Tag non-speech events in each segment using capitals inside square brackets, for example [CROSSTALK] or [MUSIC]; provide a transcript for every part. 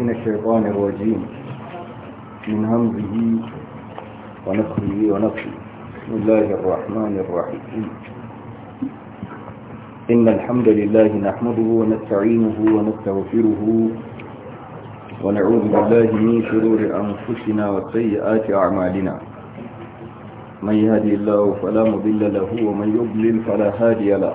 من الشيطان الرجيم من همزه ونفخه ونفخه بسم الله الرحمن الرحيم إن الحمد لله نحمده ونستعينه ونستغفره ونعوذ بالله من شرور أنفسنا وسيئات أعمالنا من يهدي الله فلا مضل له ومن يضلل فلا هادي له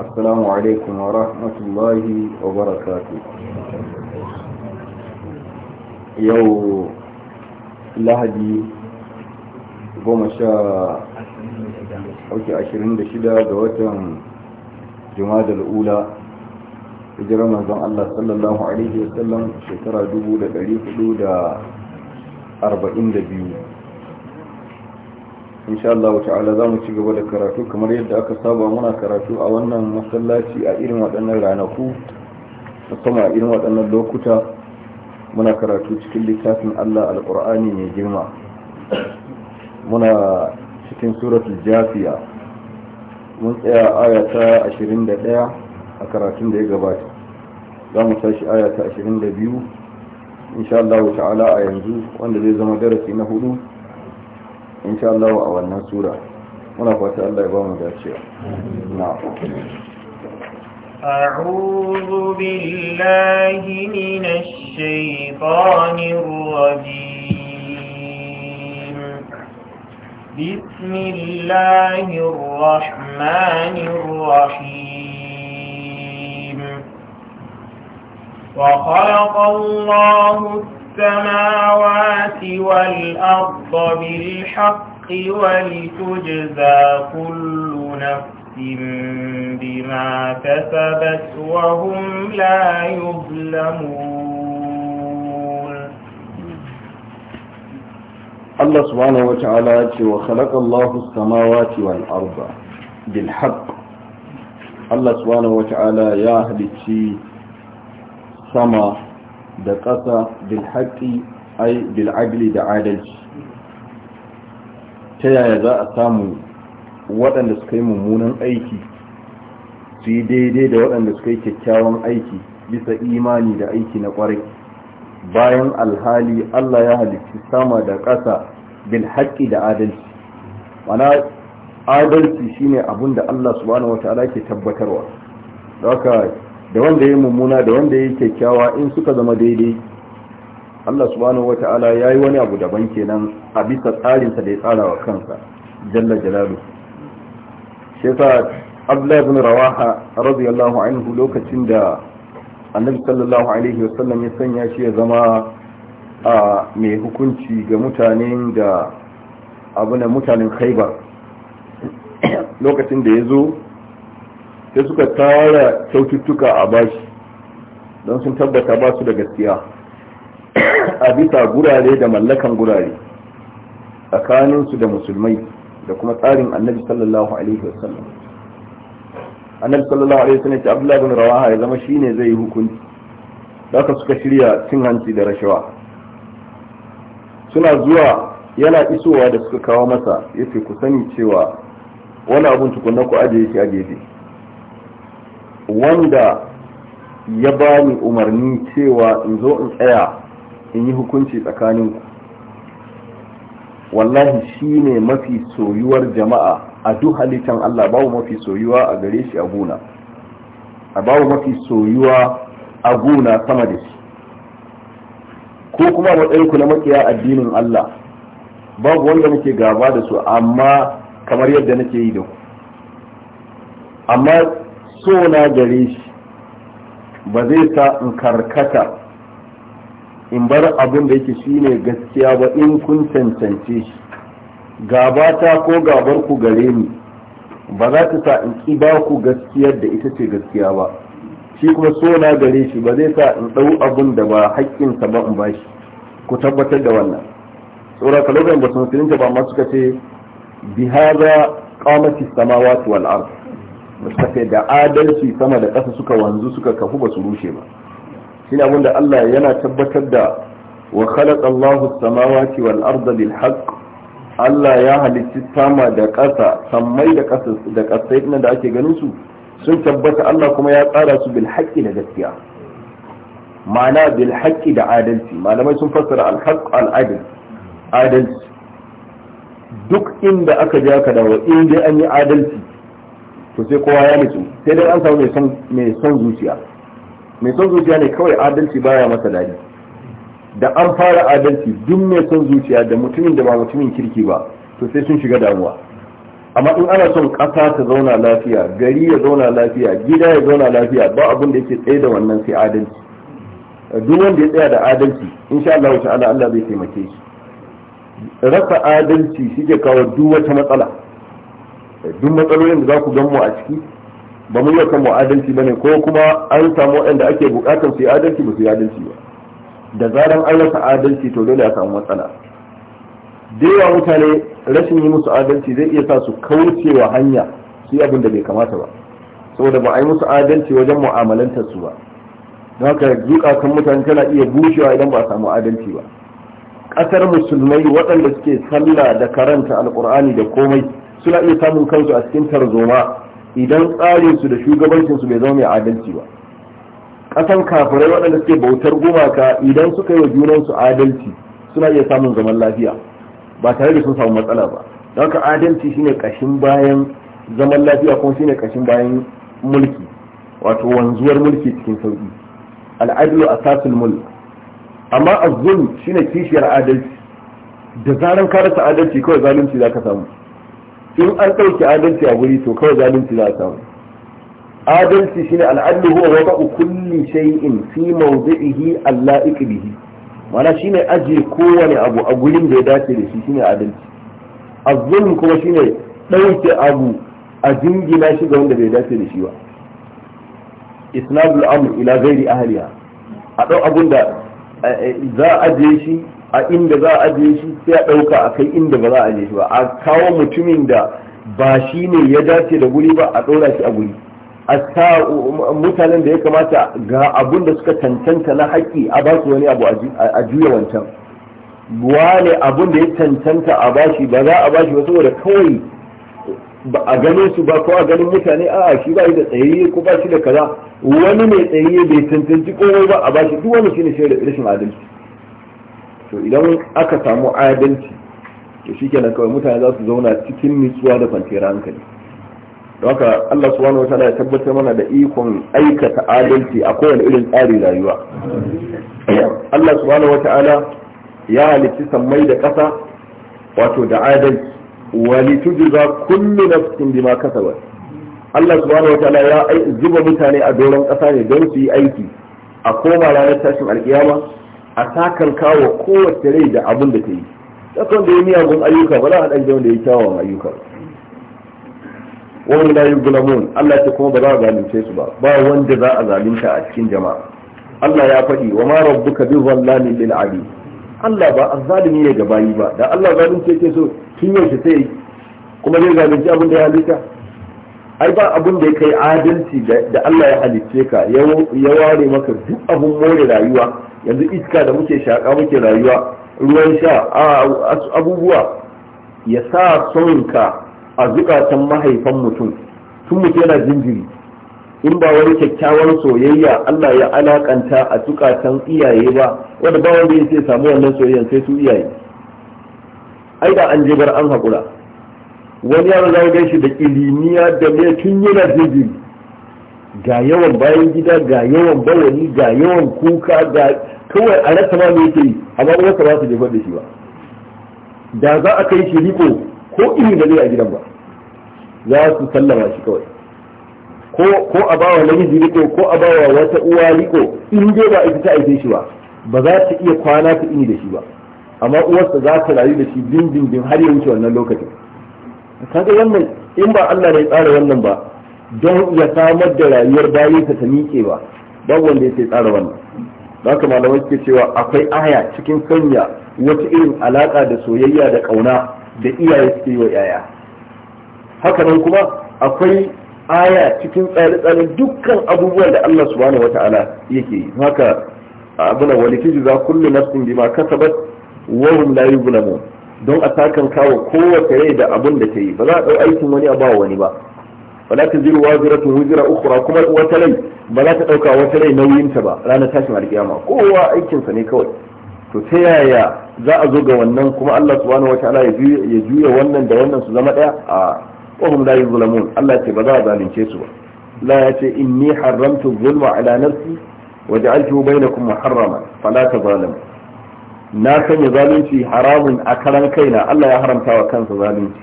السلام عليكم ورحمة الله وبركاته يو لهدي goma sha auki ashirin da shida ga watan jumadal ula hijirar manzon Allah sallallahu alaihi wasallam shekara dubu da ɗari hudu da arba'in da biyu insha Allah ta'ala za mu ci gaba da karatu kamar yadda aka saba muna karatu a wannan masallaci a irin waɗannan ranaku musamman a irin waɗannan lokuta muna karatu cikin littafin Allah alƙur'ani mai girma muna cikin suratul jafiya mun tsaya aya ta 21 a karatun da ya gabata za mu tashi aya ta 22 insha Allah ta'ala a yanzu wanda zai zama darasi na hudu إن Allah a wannan sura muna fata Allah ya ba mu dacewa أعوذ بالله من الشيطان الرجيم بسم الله الرحمن الرحيم وخلق الله السماوات والأرض بالحق ولتجزى كل نفس بما كسبت وهم لا يظلمون الله سبحانه وتعالى وخلق الله السماوات والأرض بالحق الله سبحانه وتعالى يا أهل السماء da ƙasa bilhaƙi ai bil'agli da adalci ta yaya za a samu waɗanda suka yi mummunan aiki su yi daidai da waɗanda suka yi kyakkyawan aiki bisa imani da aiki na ƙwarai bayan alhali allah ya halitti sama da ƙasa bilhaƙi da adalci mana adalci shine abin da allah subhanahu wa ta'ala ke tabbatarwa da da wanda ya mummuna da wanda ya kyakkyawa in suka zama daidai Allah subhanahu wata'ala ya yi wani abu daban kenan a bisa tsarinsa da ya tsara wa kansa jalla jalalu shi ibn Rawaha radiyallahu anhu lokacin da Annabi sallallahu alaihi wasallam ya sanya shi ya zama a mai hukunci ga mutanen da abu na mutanen Khaibar lokacin da ya zo sai suka tara kyaututtuka a bashi don sun tabbata ba su da gaskiya a bisa gurare da mallakan gurare tsakaninsu da musulmai da kuma tsarin annabi sallallahu alaihi wasallam annabi sallallahu alaihi wasallam ce abdullahi bin rawaha ya zama shine zai yi hukunci haka suka shirya cin hanci da rashawa suna zuwa yana isowa da suka kawo masa yace ku sani cewa wani abun tukunna ku ajiye shi a gefe wanda ya bani umarni cewa in zo in tsaya in yi hukunci tsakanin ku wallahi shi ne mafi soyuwar jama'a a duk halittar Allah babu mafi soyuwa a gare shi a guna a babu mafi soyuwa a guna sama da shi ko kuma matsayinku na makiya addinin Allah babu wanda nake gaba da su amma kamar yadda nake yi da ku amma so na gare shi ba zai sa in karkata in bar abin da yake shi ne gaskiya ba in kun cancance shi gabata ko gabar ku gare ni ba za ta sa in ƙi ku gaskiyar da ita ce gaskiya ba shi kuma so na gare shi ba zai sa in ɗau abin da ba haƙƙinsa ba in ba shi ku tabbatar da wannan tsoron kalobin ba sun ba amma suka ce bihaza qamati samawati wal ard suka da adalci sama da ƙasa suka wanzu suka kafu ba su rushe ba shine abin da Allah yana tabbatar da wa khalaqa Allahu samawati wal arda haqq Allah ya halicci sama da ƙasa sammai da ƙasa da ƙasai da ake ganin su sun tabbata Allah kuma ya tsara su bil haqqi da gaskiya ma'ana bil haqqi da adalci malamai sun fassara al haqq al adl adalci duk inda aka ja ka dawo in dai an yi adalci to sai kowa ya nutsu sai dai an samu mai son zuciya mai son zuciya ne kawai adalci baya masa dadi da an fara adalci duk mai son zuciya da mutumin da ba mutumin kirki ba to sai sun shiga damuwa amma in ana son ƙasa ta zauna lafiya gari ya zauna lafiya gida ya zauna lafiya ba abin da yake tsaye da wannan sai adalci duk wanda ya tsaya da adalci insha Allah ta'ala Allah zai taimake shi rasa adalci shi ke kawo duk wata matsala duk matsalolin da za ku gan mu a ciki ba mu yi kan mu adalci bane ko kuma an samu waɗanda ake bukatar su yi adalci ba su yi adalci ba da zaran an rasa adalci to dole a samu matsala da yawa mutane rashin yi musu adalci zai iya sa su kaucewa hanya su yi abin da bai kamata ba saboda ba a yi musu adalci wajen mu'amalantar su ba don haka zukatan mutane tana iya bushewa idan ba a samu adalci ba ƙasar musulmai waɗanda suke sallah da karanta alƙur'ani da komai suna iya samun kansu a cikin tarzoma idan tsarinsu da shugabancinsu bai zama mai adalci ba ƙasan kafirai waɗanda suke bautar gumaka idan suka yi wa junansu adalci suna iya samun zaman lafiya ba tare da sun samu matsala ba don haka adalci shine ƙashin bayan zaman lafiya kuma shine ƙashin bayan mulki wato wanzuwar mulki cikin sauƙi a asasul mulk amma azzulm shine kishiyar adalci da zaran ka rasa adalci kawai zalunci za ka samu in an ɗauki adalci a wuri to kawai zalunci za a samu adalci shine al'adu huwa wada kulli shay'in fi mawdi'ihi alla'iq bihi mana shine aje kowane abu a gurin da ya dace da shi shine adalci azzulm kuma shine ɗauke abu a jingina shi ga wanda bai dace da shi ba isnadul amr ila ghairi ahliha a dau abun da eh, eh, za a je shi a inda za a ajiye shi sai a ɗauka a kai inda ba za a ajiye shi ba a kawo mutumin da ba shi ne ya dace da guri ba a ɗora shi a guri a sa mutanen da ya kamata ga abun da suka tantanta na haƙƙi a ba su wani abu a juya wancan wane abun da ya tantanta a ba shi, ba za a ba shi ba saboda kawai a ganin su ba ko a ganin mutane a shi ba shi da tsayayye ko ba shi da kaza wani mai tsayayye bai tantanci komai ba a ba shi duk wani da rashin adalci to idan aka samu adalci to shikenan kawai mutane za su zauna cikin nutsuwa da kwanciyar hankali don haka Allah subhanahu wataala ya tabbatar mana da ikon aikata adalci a kowane irin tsari rayuwa Allah subhanahu wataala ya halicci sammai da ƙasa wato da adalci wa litujza kullu nafsin bima kasabat Allah subhanahu wataala ya zuba mutane a doron ƙasa ne don su yi aiki a koma ranar tashin alkiyama a takan kawo kowace rai da abin da ta yi sakon da ya miyagun ayyuka ba za a ɗan wanda ya kyawawan ayyuka wani yi yuzlamun Allah ce kuma ba za a zalunce su ba ba wanda za a zalunta a cikin jama'a Allah ya faɗi wa ma rabbuka bi zallamin lil abid Allah ba zalimi ne ga bayi ba da Allah zalunce ce so kin yaushe sai kuma zai zalunci abin da ya halitta ai ba abin da ya kai adalci da Allah ya halicce ka ya ware maka duk abin more rayuwa yanzu iska da muke shaƙa muke rayuwa ruwan sha abubuwa ya sa sonka a zukatan mahaifan mutum tun mutum yana jinjiri in ba wani kyakkyawan soyayya Allah ya alakanta a zukatan iyaye ba wanda ba wanda yake samu wannan soyayyan sai su iyaye ai da an je bar an haƙura wani yaro zai gaishe da ilimiya da mai tun yana jinjiri ga yawan bayan gida ga yawan bawani ga yawan kuka ga kawai a rasa ma yake yi amma uwarsa ba su jefar da shi ba da za a kai shi riko ko iri da zai a gidan ba za su sallama shi kawai ko a bawa namiji riko ko a bawa wata uwa riko in dai ba ita ta aife shi ba ba za ta iya kwana ta ini da shi ba amma uwarsa za ta rayu da shi dindindin har ya wuce wannan lokacin kaga wannan in ba Allah ne tsara wannan ba don ya samar da rayuwar bayan ta ta ba, don wanda ya ce tsara wannan ka malamai suke cewa akwai aya cikin sanya wata irin alaƙa da soyayya da ƙauna da iyaye suke yi wa yaya haka nan kuma akwai aya cikin tsare tsare dukkan abubuwan da Allah subhanahu ta'ala yake yi haka abuna wani kiji za kullu nafsin bima kasabat wa hum la yuzlamun don a takan kawo kowace rai da abun da ta yi ba za a ɗau aikin wani a bawa wani ba wala ta ziru wa ziratu wuzira ukhra kuma wata rai ba za ta dauka wata rai nauyin ta ba ranar tashin alkiyama kowa aikin sa ne kawai to ta yaya za a zo ga wannan kuma Allah subhanahu wataala ya juya wannan da wannan su zama ɗaya a wahum la yuzlamun Allah ce ba za a zalunce su ba la ya ce inni haramtu zulma ala nafsi wa ja'altuhu bainakum muharrama fala tazalimu na sanya zalunci haramun a karan kaina Allah ya haramta wa kansa zalunci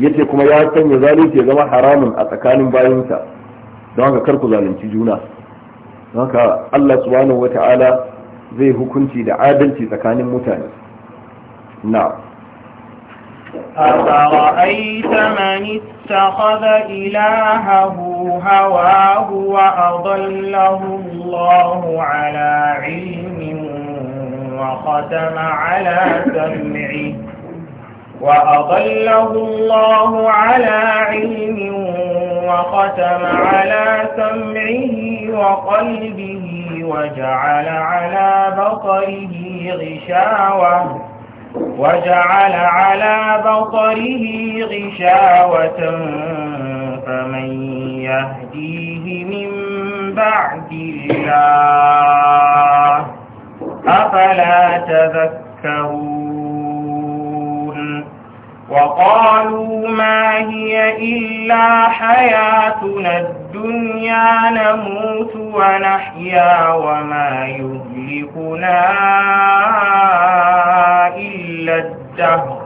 yace kuma ya sanya zalunci ya zama haramun a tsakanin bayansa don haka karku zalunci juna don haka Allah subhanahu wata'ala zai hukunci da adalci tsakanin mutane na أفرأيت من اتخذ إلهه هواه وأضله الله على علم وختم على سمعه وأضله الله على علم وختم على سمعه وقلبه وجعل على بصره غشاوة وجعل على بصره غشاوة فمن يهديه من بعد الله أفلا تذكرون وقالوا ما هي إلا حياتنا الدنيا نموت ونحيا وما يهلكنا إلا الدهر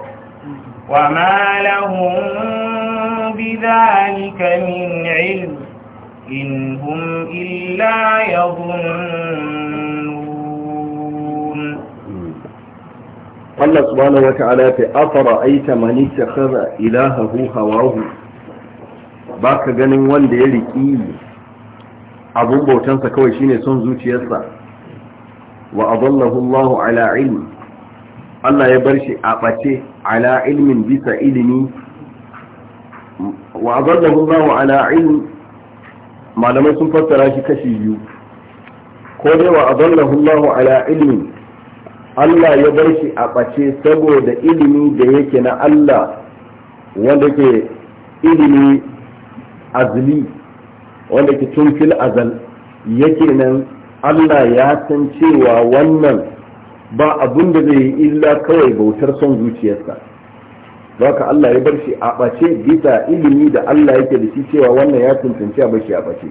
وما لهم بذلك من علم إن هم إلا يظنون Allah subhanahu wa ta'ala ta afara aita mani takhara ilahahu hawahu ka ganin wanda ya riki abun bautansa kawai shine son zuciyarsa wa adallahu Allah ala ilmi Allah ya bar shi a ɓace ala ilmin bisa ilimi wa adallahu Allah ala ilmi malamai sun fassara shi kashi biyu ko dai wa adallahu Allah ala ilmi Allah ya bar shi a ɓace saboda ilimi da yake na Allah wanda ke ilimi azli wanda ke tunfil azal yake nan Allah ya san cewa wannan ba abin da zai yi illa kawai bautar son zuciyarsa ka Allah ya bar shi a ɓace bisa ilimi da Allah yake da shi cewa wannan ya tuntunci a bashi a ɓace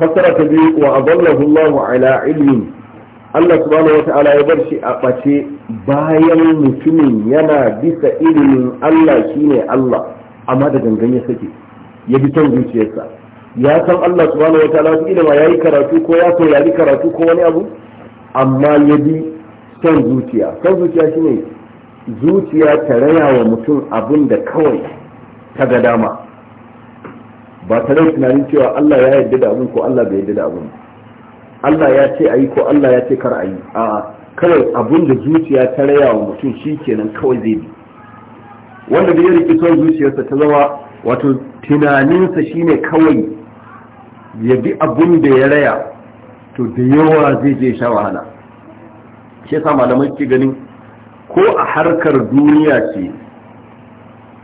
fasara ta biyu wa a ala ilmin Allah subhanahu wata'ala ya bar shi a ɓace bayan mutumin yana bisa ilimin Allah shine Allah amma da gangan ya sake ya bi son zuciyarsa ya san Allah subhanahu wata'ala wata ilima ya yi karatu ko ya saurari karatu ko wani abu amma ya bi son zuciya son zuciya shine zuciya ta raya wa mutum abin da kawai ta ga dama ba tare tunanin cewa Allah ya yarda da abin ko Allah bai yarda da abin ba Allah ya ce a yi ko Allah ya ce kar a yi a kawai abin da zuciya ta raya wa mutum shi kenan kawai zai bi wanda da ya riƙi son zuciyarsa ta zama wato tunaninsa shine kawai ya bi abin da ya raya to da yawa zai je sha wahala shi yasa malamai ke ganin ko a harkar duniya ce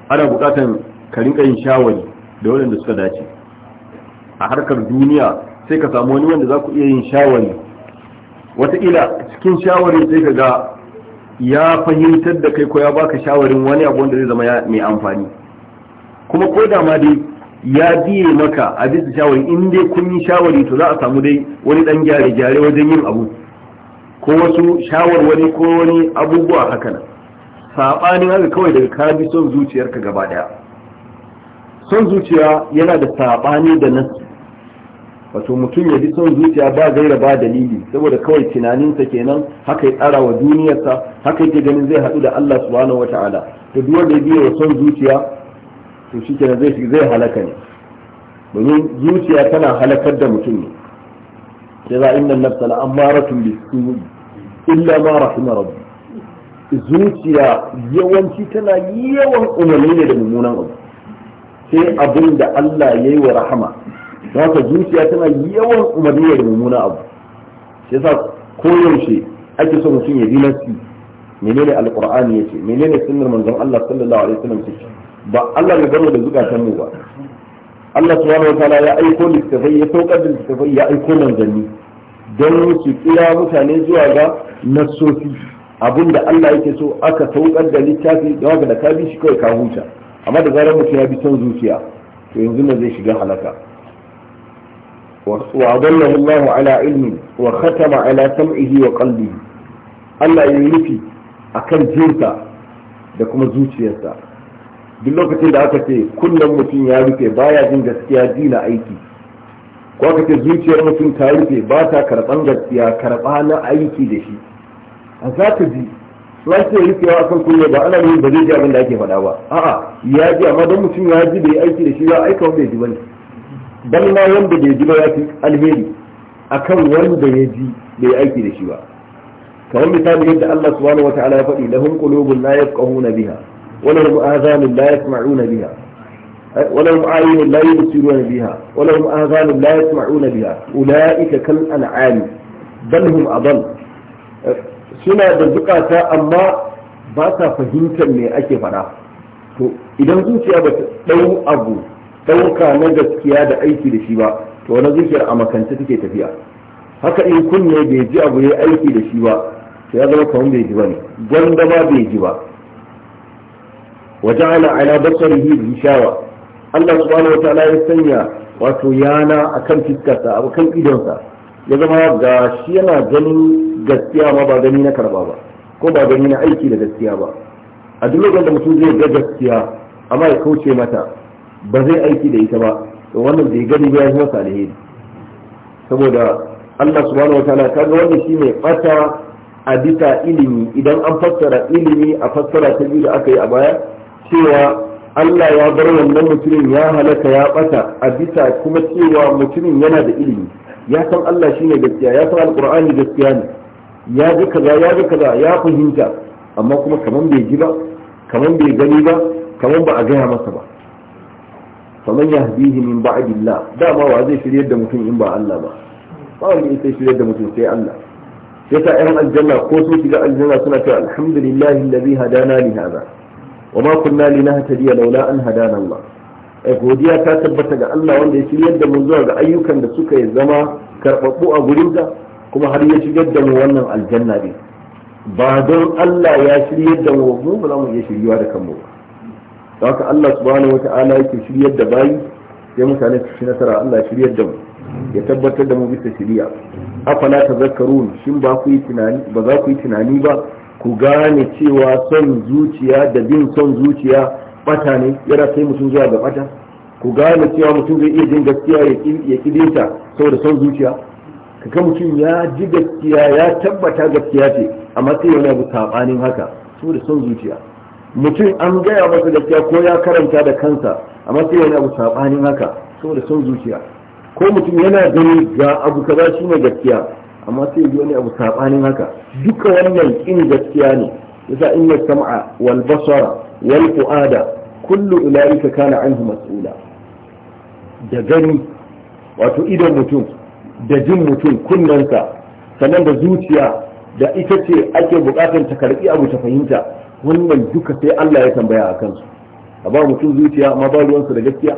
ana bukatan ka shawar yin shawari da waɗanda suka dace a harkar duniya sai ka samu wani wanda za ku iya yin shawari wataƙila cikin shawarin sai ka ga ya fahimtar da kai ko ya baka shawarin wani abu wanda zai zama mai amfani kuma ko da ma dai ya biye maka a bisa shawari in dai kun yi shawari to za a samu dai wani dan gyare gyare wajen yin abu ko wasu shawarwari ko wani abubuwa haka nan saɓanin haka kawai daga ka bi son zuciyarka gaba daya son zuciya yana da saɓani da nasi wato mutum ya bi son zuciya ba gaira ba dalili saboda kawai tunaninsa kenan haka ya tsara wa duniyarsa haka yake ganin zai haɗu da Allah subhanahu wataala to duk wanda ya biya wa son zuciya to shikenan zai zai halaka ne domin zuciya tana halakar da mutum ne sai za inna nafsa la amaratun bisu'i illa ma rahima rabbi zuciya yawanci tana yawan umarni ne da mummunan abu sai abin da Allah ya yi wa rahama don haka zuciya tana yawan umarni da mummuna abu shi yasa koyaushe ake so mutum ya bi nasi menene alqur'ani yace menene sunnar manzon Allah sallallahu alaihi wasallam ce ba Allah ya bar da zukatan mu ba Allah subhanahu wa ta'ala ya aiko littafai ya saukar da littafai ya aiko manzanni don su kira mutane zuwa ga nasofi abinda Allah yake so aka saukar da littafi da haka ka bi shi kawai ka huta amma da zarar mutum ya bi son zuciya to yanzu ne zai shiga halaka وأضله الله على ala وختم على سمعه وقلبه Allah ya nufi a kan jinsa da kuma zuciyarsa duk lokacin da aka ce kullum mutum ya rufe baya jin gaskiya dina aiki ko aka ce zuciyar mutum ta rufe ba ta karɓan gaskiya karɓa na aiki da shi a za ka ji su a kan ba ana yin ba ji abin da ake faɗa ba a'a ya ji amma don mutum ya ji da ya aiki da shi ya aika wanda ya ji bane dan ma wanda bai ji ba ya fi alheri akan wanda ya ji bai aiki da shi ba kamar misali yadda Allah subhanahu wataala ya faɗi lahum qulubun la yafqahuna biha wa lahum adhanun la yasma'una biha wa lahum a'yunun la yubsiruna biha wa lahum adhanun la yasma'una biha ulaika kal an'am bal hum adall suna da zukata amma ba sa fahimtar me ake faɗa to idan zuciya ba ta ɗau abu ɗauka na gaskiya da aiki da shi ba to wani zuciyar a makance take tafiya haka in kunne bai ji abu ya aiki da shi ba to ya zama kamar bai ji ba ne gwanda ba bai ji ba ala على بصره غشاوة Allah subhanahu wataala ya sanya wato yana akan fiskarsa abu kan idonsa ya zama ga shi yana ganin gaskiya ma ba gani na karba ba ko ba gani na aiki da gaskiya ba a duk lokacin da mutum zai ga gaskiya amma ya kauce mata ba zai aiki da ita ba to wannan bai gani ba ya masa alheri saboda Allah subhanahu wataala kaga shi shine ɓata a bisa ilimi idan an fassara ilimi a fassara ta biyu da aka yi a baya cewa Allah ya bar wannan mutumin ya halaka ya bata a bisa kuma cewa mutumin yana da ilimi ya san Allah shine gaskiya ya san alqur'ani gaskiya ne ya ji kaza ya ji kaza ya fahimta amma kuma kaman bai ji ba kaman bai gani ba kaman ba a gaya masa ba faman yahdihi min ba'dillah dama wa zai shiryar da mutum in ba Allah ba ba wani sai shiryar da mutum sai Allah yasa ƴan aljanna ko sun shiga aljanna suna cewa alhamdulillahi alladhi hadana li hadha wa ma kunna linahtadiya laula an hadana Allah E, godiya ta tabbata ga Allah wanda ya shiryar da mu zuwa ga ayyukan da suka yi zama karɓaɓɓu a gurinsa kuma har ya shigar da mu wannan aljanna ne ba don Allah ya shiryar da mu mu ba za mu iya shiryuwa da kanmu ba haka Allah subhanahu wata'ala yake shiryar da bayi sai mutane su ci nasara Allah shiryar da mu ya tabbatar da mu bisa shiriya afala tazakkarun shin ba ku yi tunani ba za ku yi tunani ba ku gane cewa son zuciya da bin son zuciya bata ne yana kai mutum zuwa ga bata ku gane cewa mutum zai iya jin gaskiya ya kidinta saboda son zuciya kaga mutum ya ji gaskiya ya tabbata gaskiya ce amma sai yana abu sabanin haka saboda son zuciya mutum an gaya masa gaskiya ko ya karanta da kansa a sai yana abu sabanin haka saboda son zuciya ko mutum yana gani ga abu kaza ne gaskiya amma sai yi wani abu sabanin haka duka wannan in gaskiya ne yasa in ya sam'a wal basara wal fuada kullu ulaika kana anhu mas'ula da gani wato idon mutum da jin mutum kunnensa sannan da zuciya da ita ce ake bukatar ta karbi abu ta fahimta wannan duka sai Allah ya tambaya a kansu a ba mutum zuciya amma ba ruwansa da gaskiya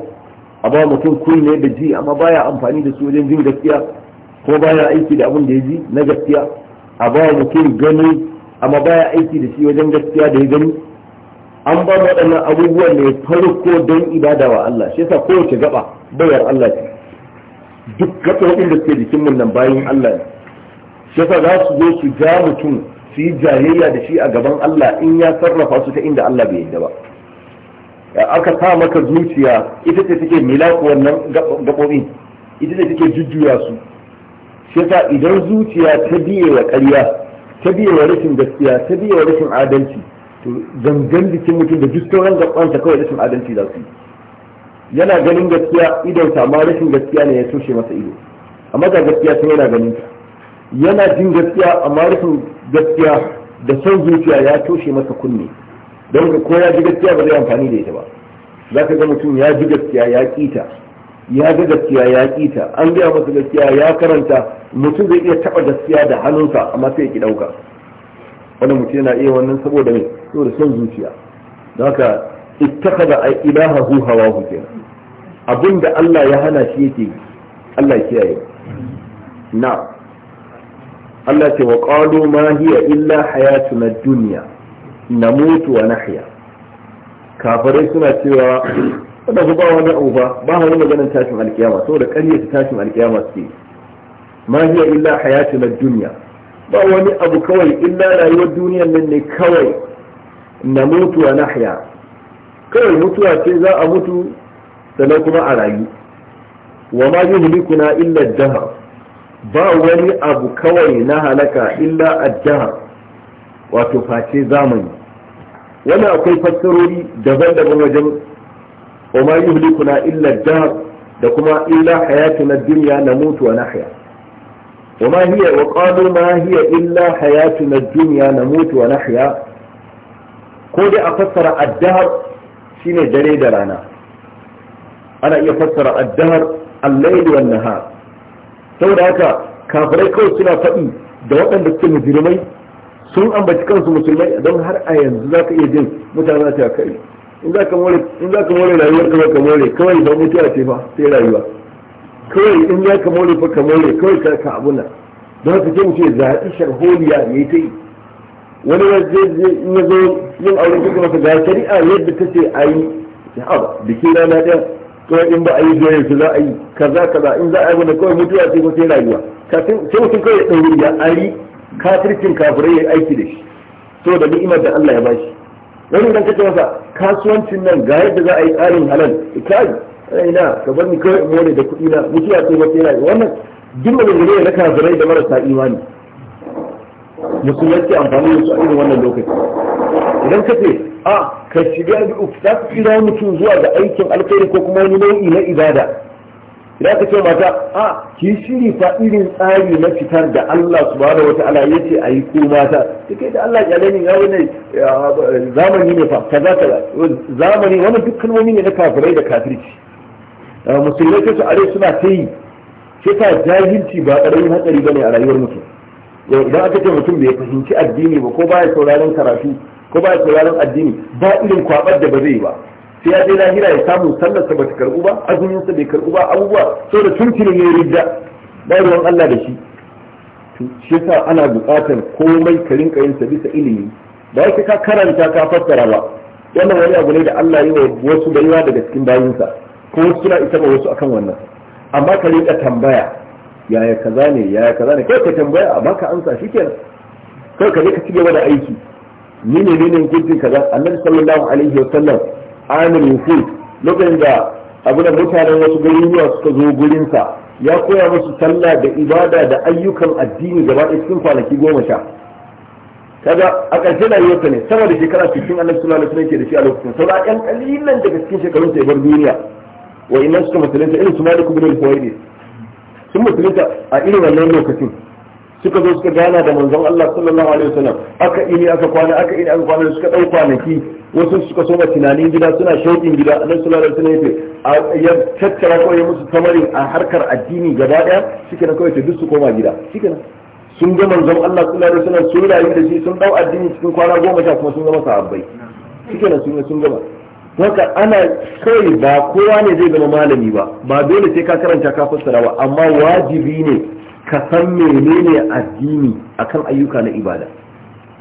a ba mutum kunne da ji amma baya amfani da su wajen jin gaskiya ko baya aiki da abin da ya ji na gaskiya a ba mutum gani amma baya aiki da shi wajen gaskiya da ya gani an ba waɗannan abubuwan ne farko don ibada wa Allah shi yasa kowace gaba bayar Allah ce duk gaɓoɓin da suke jikin nan bayan Allah ne shi yasa za su zo su ja mutum su yi jayayya da shi a gaban Allah in ya sarrafa su ta inda Allah bai yadda ba aka sa maka zuciya ita ce take milaku wannan gaɓoɓi ita ce take jujjuya su shi idan zuciya ta biye wa ƙarya ta biye wa rashin gaskiya ta biye wa rashin adalci to gangan jikin mutum da duk sauran gabansa kawai rashin adalci za su yi yana ganin gaskiya idon ma rashin gaskiya ne ya toshe masa ido amma ga gaskiya sai yana ganin ta yana jin gaskiya amma rufin gaskiya da son zuciya ya toshe masa kunne don ka ko ya ji gaskiya ba zai amfani da ita ba za ka ga mutum ya ji gaskiya ya kita ya ga gaskiya ya kita an gaya masa gaskiya ya karanta mutum zai iya taɓa gaskiya da hannunsa amma sai ya ki ɗauka wani mutum yana iya wannan saboda ne saboda son zuciya don haka ittakhadha ilahahu hawahu kenan abinda Allah ya hana shi yake Allah ya kiyaye na Allah ce wa qalu ma hiya illa duniya na mutu wa nahya kafirai suna cewa wanda ba wani abu ba ba wani maganar tashin alkiyama saboda ƙarya ta tashin alkiyama ce ma hiya illa hayatuna dunya ba wani abu kawai illa rayuwar duniyar nan ne kawai na mutu wa nahya kawai mutuwa ce za a mutu sannan kuma a rayu wa ma yuhlikuna illa dahar ba wani abu kawai na halaka illa addaha wato face zamani wani akwai fassarori daban-daban wajen umar yuhlikuna illa addaha da kuma illa hayatu na duniya na mutu wa nahya وما هي وقالوا ما هي إلا حياتنا الدنيا نموت ونحيا كودي أفسر الدهر شين دري درانا أنا يفسر الدهر الليل والنهار saboda haka kafirai kawai suna faɗi da waɗanda suke musulmai sun ambaci kansu musulmai don har a yanzu za ka iya jin mutane za ta kai in za ka more rayuwar ka ka more kawai ba mutuwa ce fa sai rayuwa kawai in za ka more fa ka more kawai ka ka abuna don haka ce mutum zaɓi sharholiya ya yi ta yi wani ya zo yin kuka kuma ga shari'a yadda ta ce a yi da ke bikin rana ɗaya to in ba a yi biyar yanzu za a yi kaza kaza in za a yi wanda kawai mutuwa sai ko rayuwa kafin sai mutum kawai ya ɗauri ya ari kafircin kafirai ya yi aiki da shi to da ni'imar da Allah ya bashi wani idan kace masa kasuwancin nan ga yadda za a yi tsarin halal kai ina ka bar ni kawai in more da kuɗi na mutuwa sai ko rayuwa wannan jimma da gare na kafirai da marasa imani musulunci amfani da su a irin wannan lokaci idan kace a ah, ka shiga za ka kira mutum zuwa ga aikin alkhairi ko kuma wani nau'i na ibada idan ka ce mata a ki shiri fa irin tsari na fitar da Allah subhanahu wataala ya ce a yi ko mata kike da Allah ya lani ya wani zamani ne fa kaza kaza zamani wani dukkan wani ne na kafirai da kafirci ah, musulmai sai su are suna ta yi sai ta jahilci ba karamin hatsari bane a rayuwar mutum idan aka ce mutum bai fahimci addini ba ko baya sauraron karatu ko ba sauraron addini ba irin kwabar da ba zai ba sai ya je lahira ya samu sallarsa ba ta karbu ba sa bai karbu ba abubuwa saboda tuntunin ya ridda ba ruwan Allah da shi shi yasa ana buƙatar komai ka rinka yin sa bisa ilimi ba yake ka karanta ka fassara ba wannan wani abu ne da Allah yi wa wasu baiwa daga cikin sa ko wasu suna isa ba wasu akan wannan amma ka rinka tambaya yaya kaza ne yaya kaza ne kai ka tambaya amma ka amsa shikenan kai ka je ka ci gaba da aiki ni ne ne hukuncin kaza annabi sallallahu alaihi wa sallam amir yufut lokacin da abu da mutanen wasu garuruwa suka zo gurin gurinsa ya koya musu sallah da ibada da ayyukan addini gaba ɗaya cikin kwanaki goma sha kaga a ƙarshe rayuwarsa ne sama da shekara 60 annabi sallallahu alaihi wasallam ke da shi a lokacin saura ɗan ƙalilan daga cikin shekarun sa bar duniya wa inna suka musulunta irin su malik ibn al ne. sun musulunta a irin wannan lokacin suka zo suka gana da manzon Allah sallallahu alaihi wasallam aka ini aka kwana aka ini aka kwana suka dau kwanaki wasu suka soma tunanin gida suna shauƙin gida annabi sallallahu alaihi wasallam yace ya tattara ko ya musu tamarin a harkar addini gaba daya na kawai ta duk su koma gida na. sun ga manzon Allah sallallahu alaihi wasallam sun rayu da shi sun dau addini cikin kwana goma sha kuma sun zama sahabbai shikenan sun sun gama haka ana kai ba kowa ne zai zama malami ba ba dole sai ka karanta ka fassara ba amma wajibi ne ka san menene addini akan ayyuka na ibada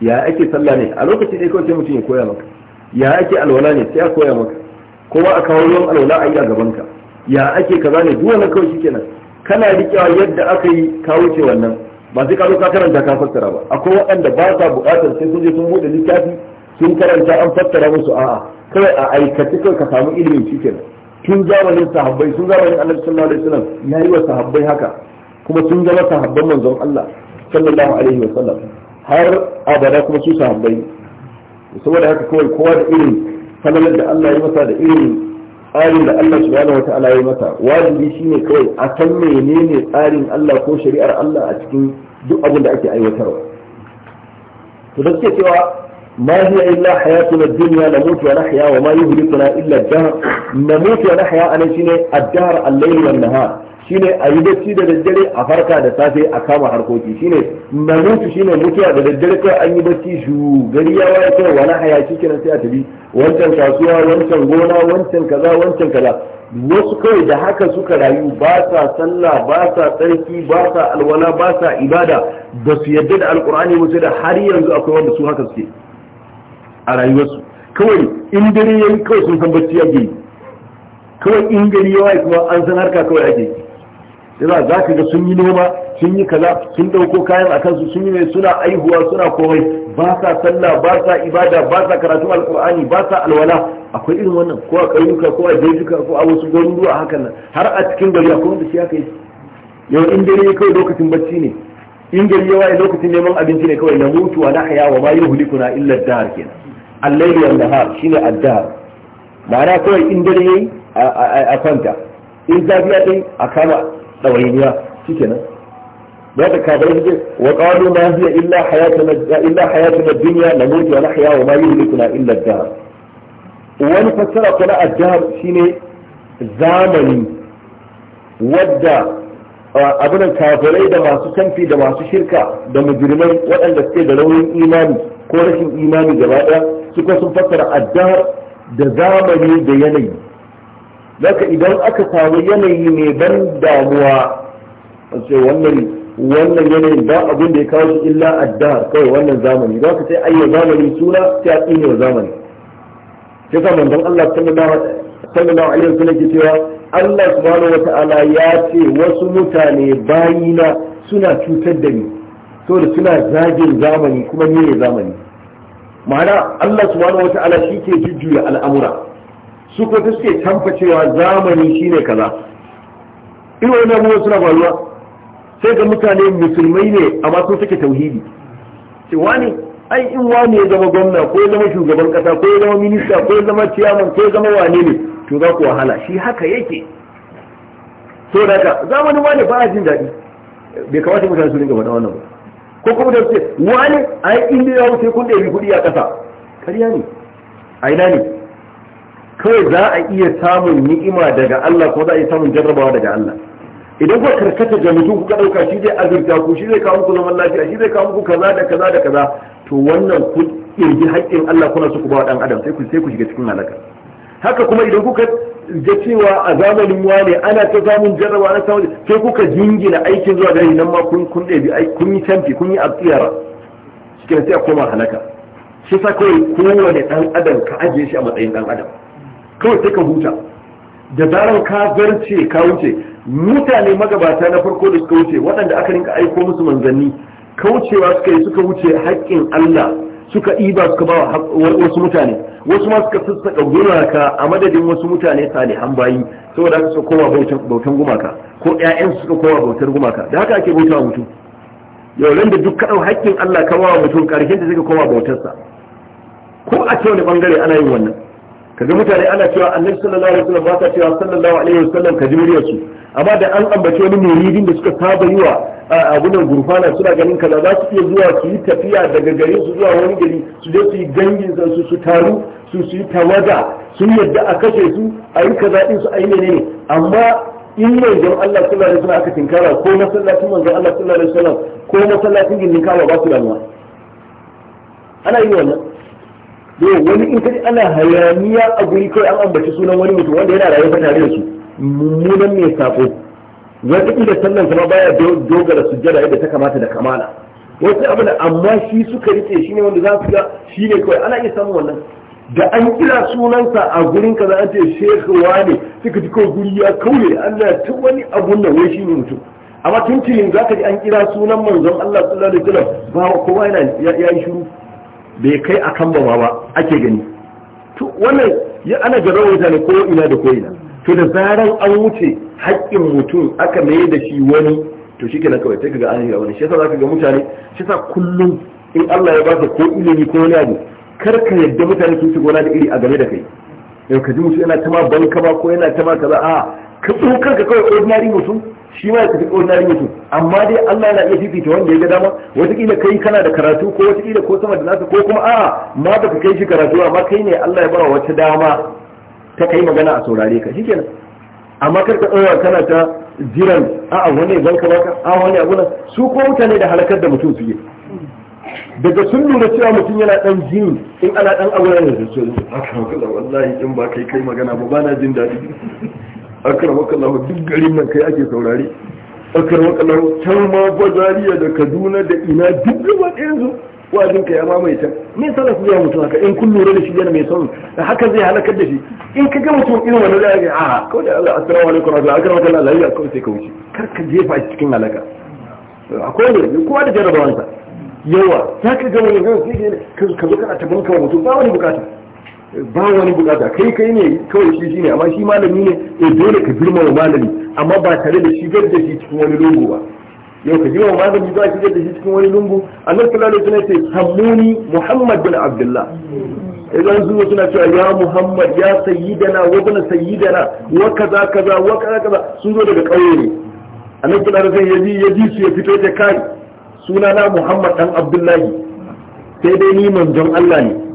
ya ake sallah ne a lokacin da kawai mutum ya koya maka ya ake alwala ne sai a koya maka kuma a kawo ruwan alwala a yi a gaban ka ya ake kaza ne duk wannan kawai shikenan kana rikewa yadda aka yi ka wuce wannan ba sai ka ka karanta ka fassara ba akwai waɗanda ba sa buƙatar sai sun je sun buɗe littafi sun karanta an fassara musu a'a kawai a aikace kawai ka samu ilimin shikenan tun zamanin sahabbai sun zamanin annabi sallallahu alaihi wasallam yayi wa sahabbai haka kuma sun zama sahabban manzon Allah sallallahu alaihi wa sallam har abada kuma su sahabbai saboda haka kawai kowa da irin falalar da Allah ya masa da irin tsarin da Allah subhanahu wa ta'ala ya masa wajibi shine kawai a san menene tsarin Allah ko shari'ar Allah a cikin duk abin da ake aiwatarwa to da suke cewa ما هي إلا illa الدنيا نموت ونحيا وما يهلكنا anan الدهر نموت ونحيا أنا شنو الدهر الليل والنهار shine a yi bacci da daddare a farka da safe a kama harkoki shine shi shine mutuwa da daddare kai an yi bacci shu gari ya waye kai wani hayaki kiran sai a tabi, wancan kasuwa wancan gona wancan kaza wancan kaza wasu kawai da haka suka rayu ba sa sallah ba sa tsarki ba sa alwala ba sa ibada ba su yadda da alkur'ani ba da har yanzu akwai wanda su haka suke a rayuwarsu kawai in dare yayi kawai sun san bacci ake yi kawai in gari ya waye kuma an san harka kawai ake yi yana za ka ga sun yi noma sun yi kaza sun dauko kayan a kansu sun yi mai suna aihuwa suna komai ba sa sallah ba sa ibada ba sa karatu alkur'ani ba sa alwala akwai irin wannan ko a kayuka ko a jejuka ko a wasu gonin a hakan nan har a cikin gari kuma da shi haka yi yau in dare ya kawai lokacin bacci ne in gari ya waye lokacin neman abinci ne kawai na mutuwa na haya wa ma yuhlikuna illa dahar kenan al-layl wal nahar shi ne addahar. ma'ana kawai in dare yayi a kwanta in zafiya ɗin a kama ɗawainiya shi kenan ya da kabarai suke wa qalu ma hiya illa hayatuna illa hayatuna dunya namutu wa nahya wa ma yuhlikuna illa ad wani fassara kuma ad-dahr shine zamani wadda abinan kafirai da masu canfi da masu shirka da mujrimai waɗanda suke da raunin imani ko rashin imani gaba ɗaya suka sun fassara ad da zamani da yanayi Zaka idan aka samu yanayi mai ban damuwa sai wannan wannan yanayin ba abin da ya kawo shi illa adda kawai wannan zamani za ka sai ayyo zamani suna sai a tsine wa zamani sai ka manzon Allah sallallahu alaihi wasallam ke cewa Allah subhanahu wata'ala ya ce wasu mutane bayina suna cutar da ni saboda suna zagin zamani kuma ni ne zamani ma'ana Allah subhanahu wata'ala shi ke jujjuya al'amura su ko ta suke tamfa cewa zamani shine kaza irin wannan abubuwan suna faruwa sai ga mutane musulmai ne amma sun suke tauhidi ce wani ai in wani ya zama gwamna ko ya zama shugaban kasa ko ya zama minista ko ya zama ciyaman ko ya zama wane ne to za ku wahala shi haka yake so da haka zamanin wani ba a jin daɗi bai kamata mutane su dinga faɗa wannan ba ko kuma da su ce wani ai in da ya wuce kun ɗabi kuɗi a ƙasa ƙarya ne a ina ne kawai za a iya samun ni'ima daga Allah ko za a iya samun jarrabawa daga Allah idan kuka karkata ga mutum kuka dauka shi zai azurta ku shi zai kawo muku zaman lafiya shi zai kawo muku kaza da kaza da kaza to wannan ku kirgi haƙƙin Allah kuna so ku ba dan adam sai ku sai ku shiga cikin halaka haka kuma idan kuka ga cewa a zamanin wane ana ta samun jarraba ana samun sai kuka jingina aikin zuwa gari nan ma kun kun ai kun yi tanfi kun yi abtiyara shi sai a koma halaka shi sa kawai kowane dan adam ka ajiye shi a matsayin dan adam kawai sai ka huta da zarar ka zarce ka wuce mutane magabata na farko da suka wuce waɗanda aka rinka aiko musu manzanni kaucewa suka yi suka wuce haƙƙin Allah suka iba suka ba wasu mutane wasu ma suka sassaka gumaka a madadin wasu mutane salihan bayi saboda haka suka koma bautan gumaka ko ƴaƴansu suka koma bautar gumaka da haka ake bautawa mutum yau da duk kaɗau haƙƙin Allah ka wa mutum ƙarshen da suka koma bautarsa ko a ce wani ɓangare ana yin wannan kaga mutane ana cewa annabi sallallahu alaihi wasallam ba ta cewa sallallahu alaihi wasallam ka jimriyar su amma da an ambaci wani muridin da suka saba yi wa abunan gurfana suna ganin kaza za su iya zuwa su yi tafiya daga gari su zuwa wani gari su je su yi gangin su su taru su su yi tawada sun yadda a kashe su a yi kaza din su a yi menene amma in manzon Allah sallallahu alaihi wasallam aka tinkara ko masallacin manzon Allah sallallahu alaihi wasallam ko masallacin gindin kawa ba su damuwa ana yi wannan yau wani in kaji ana hayaniya a guri kai an ambaci sunan wani mutum wanda yana rayuwa tare da su mummunan mai sako wata ƙila sallan sama baya dogara sujjada yadda ta kamata da kamala wasu abin amma shi suka rike shi ne wanda za su ga shi ne kawai ana iya samun wannan da an kira sunansa a gurin kaza an ce shekuwa ne suka ji kawai guri ya kaure Allah ta wani abun da wai shi ne mutum amma tuntunin za ka ji an kira sunan manzon Allah sallallahu alaihi wasallam ba kowa yana ya yi shiru bai kai a kan ba ba ake gani to wannan ya ana wata mutane ko ina da ko to da zaran an wuce haƙƙin mutum aka mai da shi wani to shi kenan kawai take ga an yi wani shi yasa zaka ga mutane shi yasa kullum in Allah ya baka ko ilimi ko wani abu kar ka yadda mutane su shigo da iri a game da kai yau ka ji mutum yana ta ma banka ba ko yana ta ma kaza a ka tsokar ka kawai ordinary mutum shi ma ya tafi ordinary mutum amma dai Allah na iya fifita wanda ya ga dama wataƙila kai kana da karatu ko wataƙila ko sama da nasa ko kuma a'a ma baka kai shi karatu amma kai ne Allah ya ba wata dama ta kai magana a saurare ka shikenan amma kar ka tsaya kana ta jiran a'a wani ya zanka baka a'a wani abu na su ko mutane da halakar da mutum suke daga sun nuna cewa mutum yana dan jini in ana dan aure ne da su wallahi in ba kai kai magana ba ba na jin daɗi akramaka Allah duk garin nan kai ake saurare akramaka Allah can ma gwazariya da Kaduna da ina duk gaba ɗayan su wajin ka ya mamaye can me salafu ya mutu haka in kun lura da shi yana mai son haka zai halakar da shi in ka ga mutum irin wani zai ga a kawai da Allah assalamu alaikum Allah akramaka Allah lafiya kawai sai ka wuce kar ka jefa shi cikin halaka akwai ne kowa da jarabawansa yawa za ka gama wani gan sai ka zo kana tabbanka wa mutum ba wani bukata ba wani bukata kai kai ne kawai shi shine amma shi malami ne eh dole ka girma wa malami amma ba tare da shigar da shi cikin wani lungu ba yau ka girmama malami ba shigar da shi cikin wani lungu annabi sallallahu alaihi wasallam ya ce sammuni muhammad bin abdullah idan zuwa suna cewa ya muhammad ya sayyidana wa bin sayyidana wa kaza kaza wa kaza kaza sun zo daga kauye ne annabi sallallahu alaihi wasallam ya ji ya ji su ya fito ta kai sunana muhammad dan abdullahi sai dai ni manzon Allah ne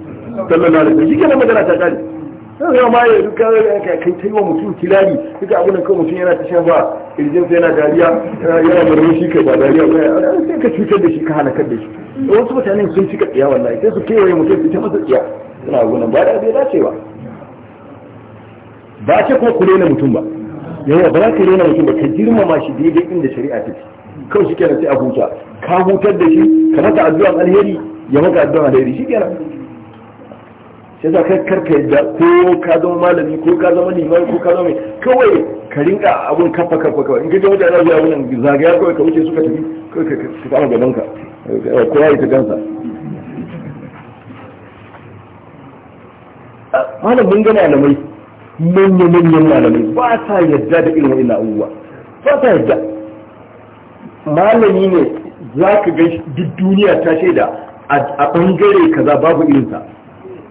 sallallahu alaihi wasallam shikenan magana ta kare sai ya ma ya kai kai kai wa mutum kilali duka abin da kawai mutum yana ta shan ba irjin sai yana dariya yana murmushi kai ba dariya ba sai ka cutar da shi ka halakar da shi wasu mutanen sun cika tsiya wallahi sai su kewaye mutum su ta masa tsiya suna gunan ba da bai dace ba ba ce kuma ku rena mutum ba yawa ba za ka rena mutum ba ka girmama shi daidai inda shari'a take kawai shi kenan sai a huta ka hutar da shi ka mata addu'an alheri ya maka addu'an alheri shi kenan ya za kai karka yadda ko ka zama malami ko ka zama limar ko ka zama kawai ka rinka abun kafa kafa kawai in gajen wajen mutane zuwa zagaya kawai ka wuce suka tafi kawai ka kama gaban ka kowa ya ta gansa ah, malam mun ga malamai manya-manyan malamai ba sa yadda da irin wa'in abubuwa ba sa yadda malami ne za ka ga duk duniya ta shaida a bangare kaza babu irinsa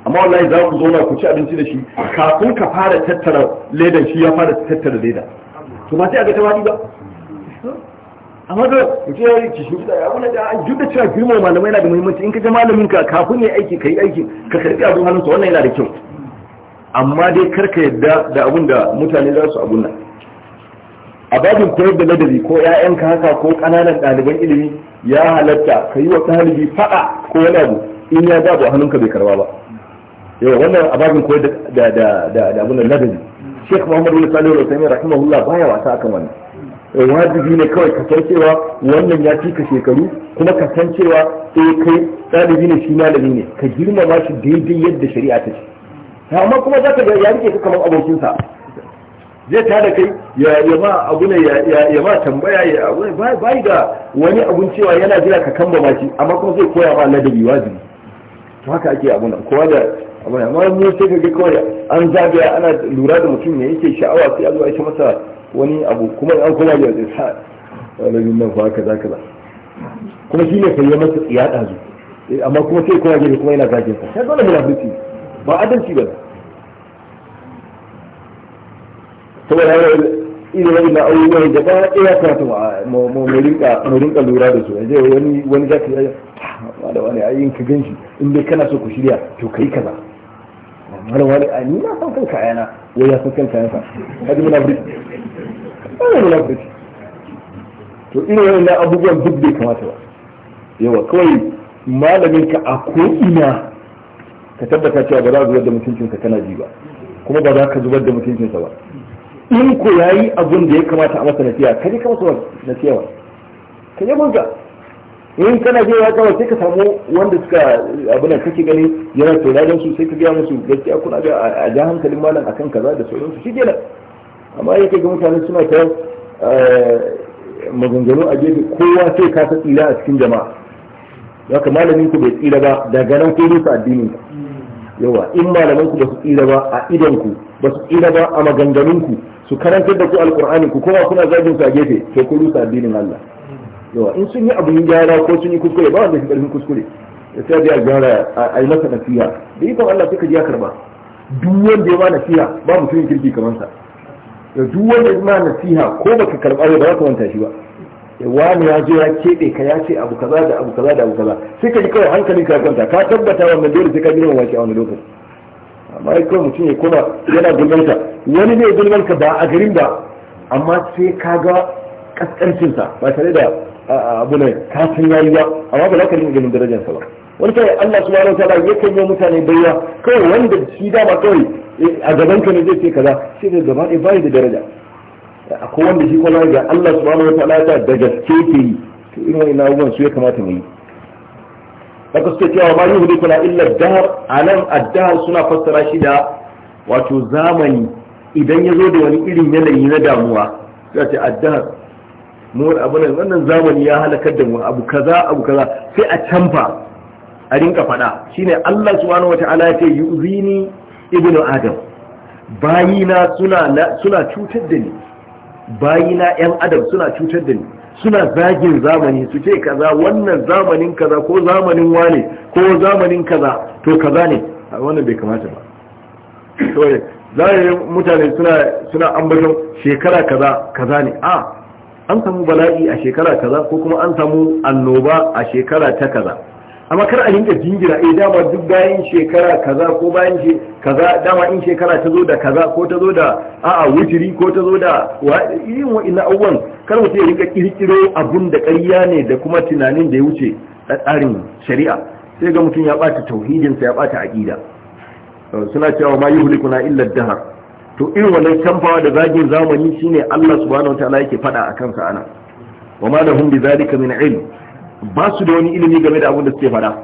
amma wallahi za ku zauna ku ci abinci da shi kafin ka fara tattara ledan shi ya fara tattara leda to ba sai a ga tawadi ba amma ga mutum ya yi kishin da ya wani da an duk da cewa girma malamai yana da muhimmanci in ka ga malamin ka kafin ya aiki ka yi aiki ka karbi abin sa wannan yana da kyau amma dai karka yadda da abin da mutane za su abun nan a babin koyar da ladabi ko 'ya'yanka haka ko ƙananan ɗaliban ilimi ya halatta ka yi wa ɗalibi faɗa ko wani abu in ya zaɓa hannunka bai karba ba yau wannan abagin koyar da da da da abun ladabi Sheikh Muhammad bin Salih al sami rahimahullah baya wasa akan wannan eh, wajibi ne kawai ka san cewa wannan ya fi ka shekaru kuma ka san cewa eh kai ɗalibi ne shi malami ne ka girmama shi daidai yadda shari'a ta ce amma kuma za ka ga ya rike ka kamar abokinsa zai ta da kai ya ma abu ne ya ma tambaya ya abu ne bai da wani abun cewa yana jira ka kamba ma shi amma kuma zai koya ma ladabi wajibi to haka ake abu nan kowa da amma amma mu sai ka ga kawai an zabe ana lura da mutum ne yake sha'awa sai a zo a masa wani abu kuma an kuma ya ce sa walamin nan fa kaza kaza kuma shi ne kai ya masa tsiyada zu eh, amma kuma sai kuma gefe kuma yana zagin sa sai dole munafiki ba adalci ba saboda ina wani na abubuwan da ba ta karatu mu rinka lura da su yanzu wani wani za ka yi ba da wani ayin ka gan shi in kana so ku shirya to kai kaza wani wani a ni na san kan kayana wai ya san kan Ka kayansa hadi munafiki wani munafiki to irin na abubuwan duk bai kamata ba yawa kawai malamin ka a ko'ina ka tabbata cewa ba za ka zubar da mutuncinsa kana ji ba kuma ba za ka zubar da mutuncinsa ba in ko yayi abun da ya kamata a masa nasiya ka je ka masa nasiya ka je mun in kana je ya kawai sai ka samu wanda suka abin da kake gani yana sauraron su sai ka gaya musu gaskiya kuna ga a ja hankalin malam akan kaza da sauransu shi kenan amma yake ga mutane suna ta eh, maganganu a gefe kowa sai ka ta tsira a cikin jama'a ya ka malamin ku bai tsira ba daga nan kai rufe addinin ku yawa in malaman ku ba su tsira ba a idan ku ba su tsira ba a maganganun ku su karantar da ku Alkur'ani, ku kowa kuna zagin su a gefe to ku rusa addinin Allah yawa in sun yi abin gyara ko sun yi kuskure ba wanda shi karfin kuskure da sai biya gyara a yi masa nasiha da ikon Allah sai ka ji ya karba duk wanda ya ma nasiha ba mutumin kirki kamar sa da duk wanda ya ma nasiha ko baka karba ba za ka manta shi ba wani ya zo ya keɓe ka ya ce abu kaza da abu kaza da abu kaza sai ka ji kawai hankali ka kwanta ka tabbata wannan dole sai ka bi nan wace a wani lokaci amma ai kawai mutum ya koma yana gulmanta wani zai gulmanta ba a garin ba amma sai ka ga kaskancinsa ba tare da abu ne kafin yayi ba amma ba za ka rinka ganin darajarsa ba wani kai Allah subhanahu wa ta'ala yakan yi mutane baiwa kawai wanda shi dama kawai eh, a gaban ka ne zai ce kaza sai da gaba ɗaya bai da daraja akwai wanda shi kuma ga Allah subhanahu wa ta'ala ta da gaske ke yi to irin wannan abubuwan su ya kamata mu yi haka suke cewa ma yuhdi kuna illa dahar a nan dahr suna fassara shi da wato zamani idan ya zo da wani irin yanayi na damuwa sai ce ad-dahr mun abu ne wannan zamani ya halakar da mu abu kaza abu kaza sai a canfa a rinka faɗa shine Allah subhanahu wata'ala ya ce yuzini ibnu adam bayina suna suna cutar da ni bayina yan adam suna cutar da ni suna zagin zamani su ce kaza wannan zamanin kaza ko zamanin wane ko zamanin kaza to kaza ne wannan bai kamata ba to zai mutane suna suna ambaton shekara kaza kaza ne a an samu bala'i a shekara kaza ko kuma an samu annoba a shekara ta kaza amma kar a rinka jingira eh dama duk bayan shekara kaza ko bayan shi kaza dama in shekara ta zo da kaza ko ta zo da a'a wujiri ko ta zo da irin wa'ina abubuwan kar mutum ya rinka kirkiro abun da ƙarya ne da kuma tunanin da ya wuce tsarin shari'a sai ga mutum ya ɓata tauhidinsa ya bata aƙida suna cewa ma yuhlikuna illa dahar to irin wannan canfawa da zagin zamani shine Allah subhanahu wataala yake fada akan sa ana wa ma lahum bi zalika min ilm ba su da wani ilimi game da abin da suke fada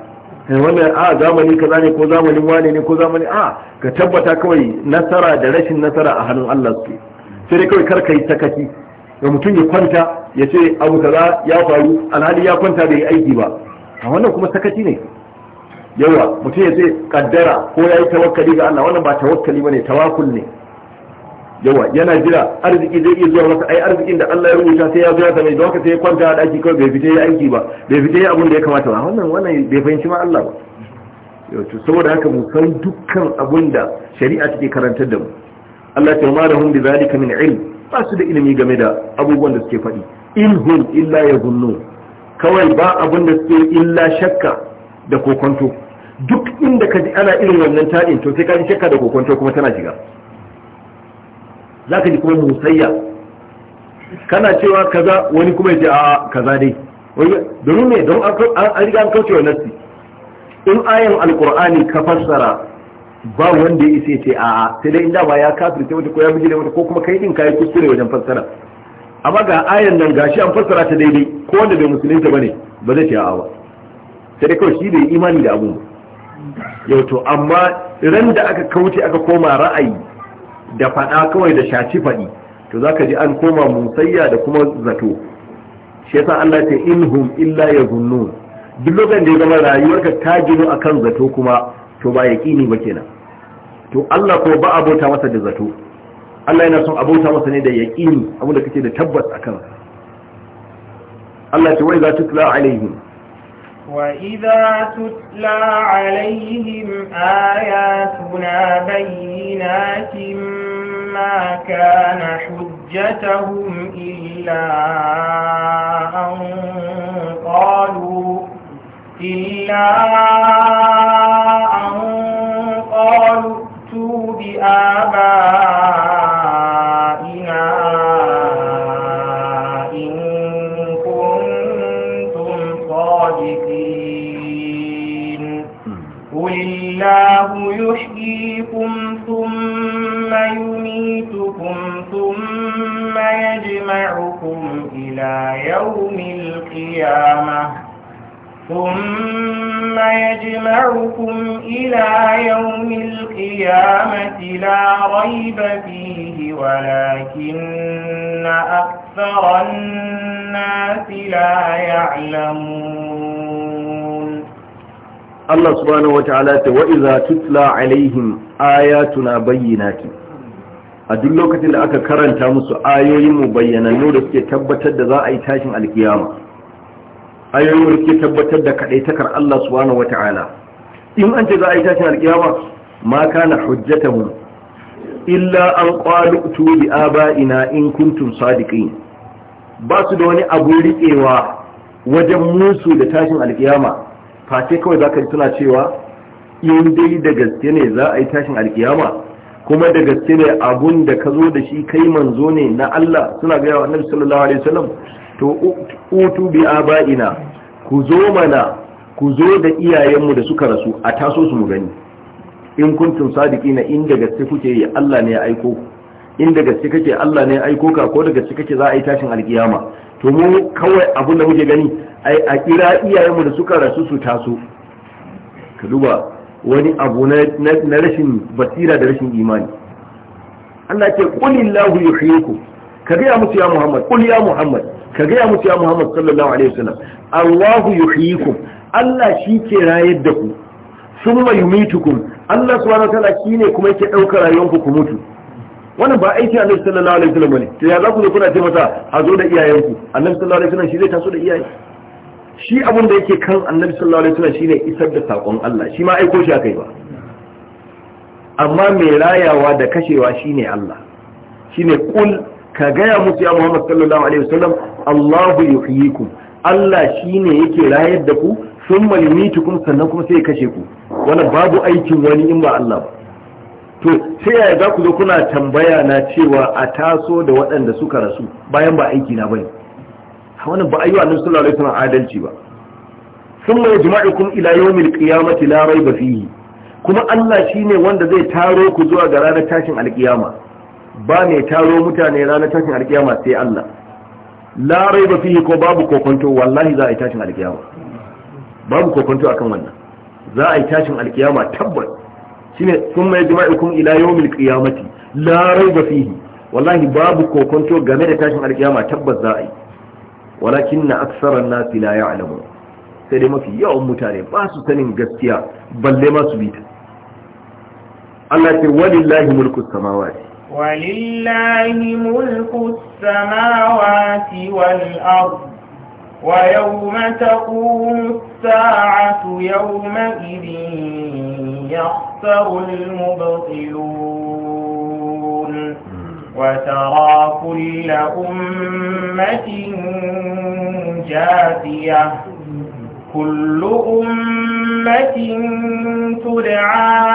eh, wannan a ah, zamani kaza ne ko zamanin wane ne ko zamani a ah, ka tabbata kawai nasara da rashin nasara a hannun Allah suke sai dai kawai karka yi sakaci ga mutum ya kwanta ya ce abu kaza ya faru alhali ya kwanta bai yi aiki ba a wannan kuma sakaci ne yawa mutum ya ce kaddara ko ya yi tawakkali ga Allah wannan ba tawakkali bane tawakkul ne yawa yana jira arziki zai iya zuwa masa ai arzikin da Allah ya rubuta sai ya zo ya same don haka sai ya kwanta a daki kawai bai fita yi aiki ba bai fita yi abin da ya kamata ba wannan wannan bai fahimci ma Allah ba to saboda haka mu san dukkan abin da shari'a take karantar da mu Allah ta ma bi zalika min ilm ba su da ilimi game da abubuwan da suke faɗi in hum illa yazunnu kawai ba abin da suke illa shakka da kokonto duk inda ka ji ana irin wannan tadin to sai ka ji shakka da kokonto kuma tana shiga za ka ji kuma musayya kana cewa kaza wani kuma yace a kaza dai domin ne don an riga an kauce wa nassi in ayan alkur'ani ka fassara ba wanda ya isa ce a sai dai inda ba ya ce wata ko ya bijire wata ko kuma kai din kai kuskure wajen fassara amma ga ayan nan gashi an fassara ta daidai ko wanda bai musulunta bane ba zai ce a ba sai dai kawai shi bai imani da abu yau to amma ran da aka kauce aka koma ra'ayi da faɗa kawai da shaci faɗi to za ka ji an koma musayya da kuma zato shi yasa Allah ce inhum illa yazunnun duk lokacin da ya zama rayuwarka ta gino akan zato kuma to ba yaqini ba kenan to Allah ko ba abota masa da zato Allah yana son abota masa ne da yaqini abu da kake da tabbas akan Allah ce wai za tutla alaihim وإذا تتلى عليهم آياتنا بينات كان حجتهم إلا أن قالوا إلا أن قالوا ائتوا بآبائنا القيامة ثم يجمعكم إلى يوم القيامة لا ريب فيه ولكن أكثر الناس لا يعلمون الله سبحانه وتعالى وإذا تتلى عليهم آياتنا بينات a duk lokacin da aka karanta musu ayoyin mu bayyanannu da suke tabbatar da za a yi tashin alkiyama ayoyin ke tabbatar da kadaitakar Allah subhanahu wata'ala in an ce za a yi tashin alkiyama ma kana mu. illa an qalu tu bi aba'ina in kuntum sadiqin ba su da wani abu riƙewa wajen musu da tashin alkiyama sai kawai zaka ji suna cewa in dai da gaske ne za a yi tashin alkiyama kuma da gaske ne abun da ka zo da shi kai manzo ne na Allah suna gaya wa annabi sallallahu alaihi wasallam to utu bi aba'ina ku zo mana ku zo da iyayenmu da suka rasu a taso su mu gani in kuntum sadiqina in daga gaske kuke yi Allah ne ya aiko ku in daga gaske kake Allah ne ya aiko ka ko daga gaske kake za a yi tashin alkiyama to mu kawai abun da muke gani ai a kira iyayenmu da suka rasu su taso ka duba wani abu na rashin basira da rashin imani Allah ce qulillahu yuhyikum ka ga musu ya Muhammad qul ya Muhammad ka gaya musu ya Muhammad sallallahu alaihi wasallam Allahu yuhyikum Allah shi ke rayar da ku summa yumitukum Allah subhanahu wa ta'ala shine kuma yake dauka rayuwanku ku mutu wannan ba aiki Annabi sallallahu alaihi wasallam bane to ya za ku zo kuna ce masa a zo da iyayenku Annabi sallallahu alaihi wasallam shi zai taso da iyaye shi abin da yake kan Annabi sallallahu alaihi wasallam shine isar da sakon Allah shi ma aiko shi akai ba amma mai rayawa da kashewa shine Allah shine kul ka gaya musu ya Muhammad sallallahu alaihi wasallam Allahu yuhyikum Allah shine yake rayar da ku sun thumma kuma sannan kuma sai ya kashe ku wannan babu aikin wani in ba Allah ba to sai yaya za ku zo kuna tambaya na cewa a taso da waɗanda suka rasu bayan ba aiki na bane wannan ba ayyuka annabi sallallahu alaihi wasallam adalci ba Sun mai yajma'ukum ila yawmil qiyamati la rayba fihi kuma Allah shine wanda zai taro ku zuwa ga ranar tashin alkiyama ba mai taro mutane ranar tashin alkiyama sai Allah la ba fiye ko babu kokonto wallahi za a yi tashin alkiyama babu kokonto akan wannan za a yi tashin alkiyama tabbas shine sun mai kun ila yawmil qiyamati la ba fiye wallahi babu kokonto game da tashin alkiyama tabbas za a yi walakin na aksaran nasi la ya'lamu sai dai mafi yawan mutane ba su sanin gaskiya balle ma su bi ta. Allah ya ce walillahi mulku samawati ولله ملك السماوات والأرض ويوم تقوم الساعة يومئذ يخسر المبطلون وترى كل أمة جاثية كل أمة تدعى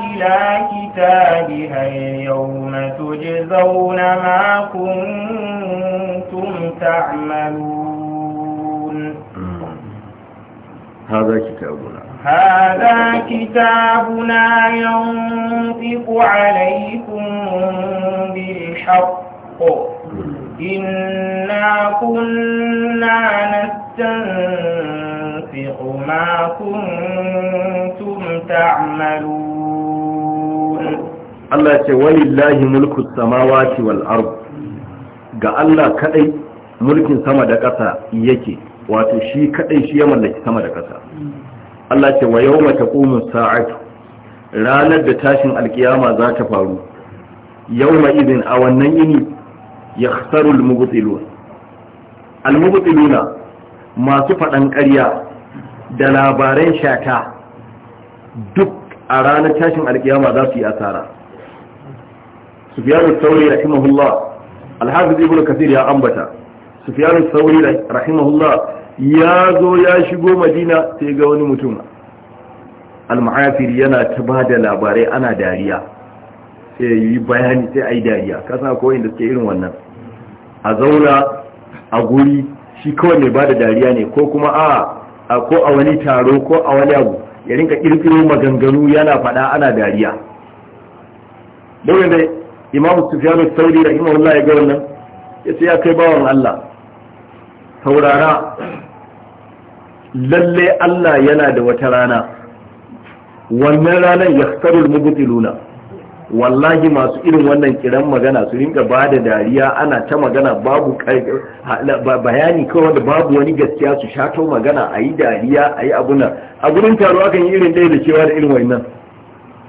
إلى كتابها اليوم تجزون ما كنتم تعملون هذا كتابنا هذا كتابنا ينطق عليكم بالحق إنا كنا نستطيع تنفق ما كنتم تعملون الله ولله ملك السماوات والأرض ga Allah kadai mulkin sama da ƙasa yake wato shi kadai shi ya mallaki sama da ƙasa Allah ce wa yawma taqumu sa'atu ranar da tashin alkiyama za ta faru yawma idin a wannan yini yakhsaru al-mubtilun al-mubtiluna masu faɗan ƙarya da labaran shata duk a ranar tashin alkiyama za su yi asara sufiyanu saurin rahimahullah ibn kasir ya ambata sufiyanu rahimahullah ya zo ya shigo madina sai ga wani mutum almuhafir yana ta ba da labarai ana dariya sai yi bayani sai a yi dariya kasa ko da suke irin wannan a zauna a guri shi kawai mai bada dariya ne ko kuma a ko a wani taro ko a wani abu ya rinka kirkiro maganganu yana faɗa ana dariya dole da imam sufyan sauri da imam Allah ya ga wannan ya ya kai bawan Allah taurara lalle Allah yana da wata rana wannan ranar ya tsarul mubtiluna wallahi masu irin wannan kiran magana su rinka ba da dariya ana ta magana babu bayani kawai wanda babu wani gaskiya su shato magana a yi dariya a yi abuna a gurin taro akan yi irin ɗaya da cewa da irin wannan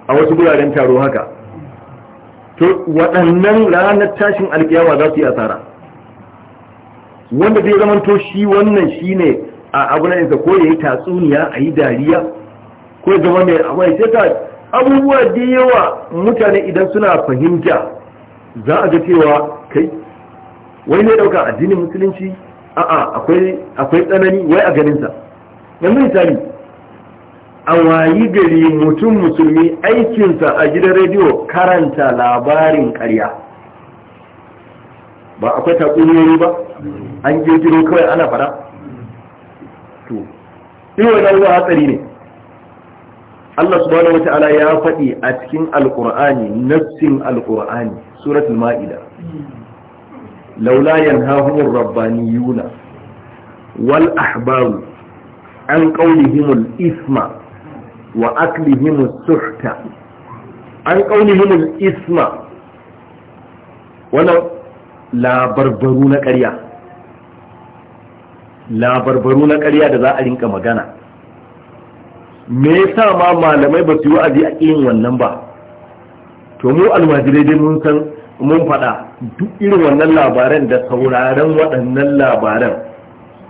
a wasu guraren taro haka to waɗannan ranar tashin alkiyama za su yi asara wanda zai zama to shi wannan ne a abunan ko ya yi tatsuniya a yi dariya ko ya zama mai amai sai abubuwa da yawa mutane idan suna fahimta za a ga cewa kai wai ne dauka addinin musulunci a'a akwai tsanani wai a ganinsa yanzu misali a wayi gari mutum musulmi aikinsa a gidan rediyo karanta labarin karya ba akwai tatsuniyoyi ba an kirkiro kawai ana fara to iwa na hatsari ne Allah subhanahu wata'ala ya faɗi a cikin alkur'ani nassin alkur'ani suratul ma'ida laula yanhahumur rabbaniyuna wal ahbaru an qawlihimul isma wa suhta an isma wannan labarbaru na ƙarya labarbaru na ƙarya da za a rinka magana me yasa ma malamai ba su yi wa'azi a irin wannan ba to mu almajirai dai mun san mun faɗa duk irin wannan labaran da sauraron waɗannan labaran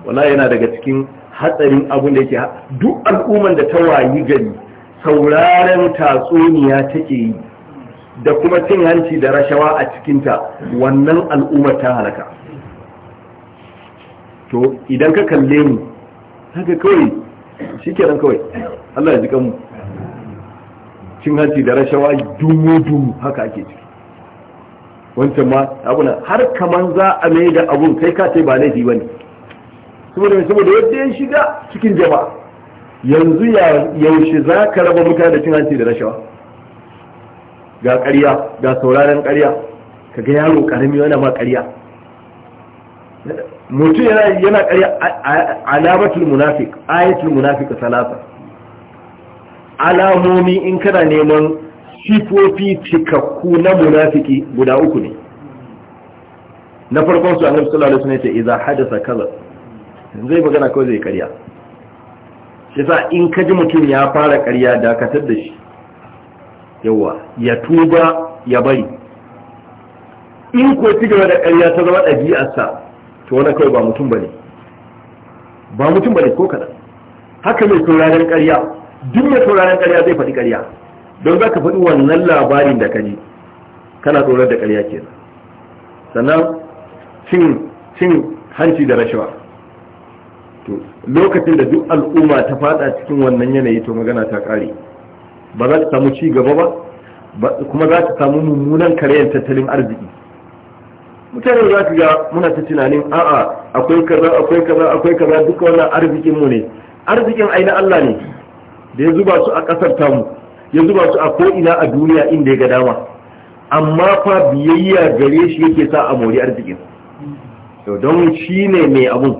wala yana daga cikin hatsarin abin da yake duk al'umman da ta wayi gari sauraron tatsuniya take yi da kuma cin hanci da rashawa a cikinta wannan al'ummar ta halaka to idan ka kalle ni haka kawai shi kenan kawai Allah ya ji kanmu cin hanci da rashawa dumu-dumu haka ake ciki wancan ma abuna har kaman za a mai da abun kai ka ce ba laifi ba ne saboda mai saboda yadda ya shiga cikin jama'a yanzu yaushe za ka raba mutane da cin hanci da rashawa ga ƙarya ga sauraren ƙarya ka ga yaro ƙarami yana ma ƙarya mutum yana ƙarya alamatul munafik ayatul munafik salasa alamomi in kana neman sifofi cikakku na munafiki guda uku ne na farkon su annabi sallallahu alaihi wasallam ce idza hadatha kaza zai magana ko zai ƙarya. shi sa in ka ji mutum ya fara da dakatar da shi yawa ya tuba ya bari in ko ci gaba da ƙarya ta zama sa, to wani kawai ba mutum bane ba mutum bane ko kaɗan haka mai sauraron ƙarya. duk mai sauraron ƙarya zai faɗi ƙarya don za ka faɗi wannan labarin da ka ji kana tsorar da ƙarya ke sannan cin cin hanci da rashawa to lokacin da duk al'umma ta fada cikin wannan yanayi to magana ta ƙare ba za ta samu ci gaba ba kuma za ta samu mummunan karyar tattalin arziki mutane za ka ga muna ta tunanin a'a akwai kaza akwai kaza akwai kaza duka wannan arzikinmu ne arzikin ai na Allah ne da ya zuba su a ƙasar tamu ya zuba su a ko'ina a duniya inda ya ga dama amma fa biyayya gare shi yake sa a mori arzikin don shi ne mai abun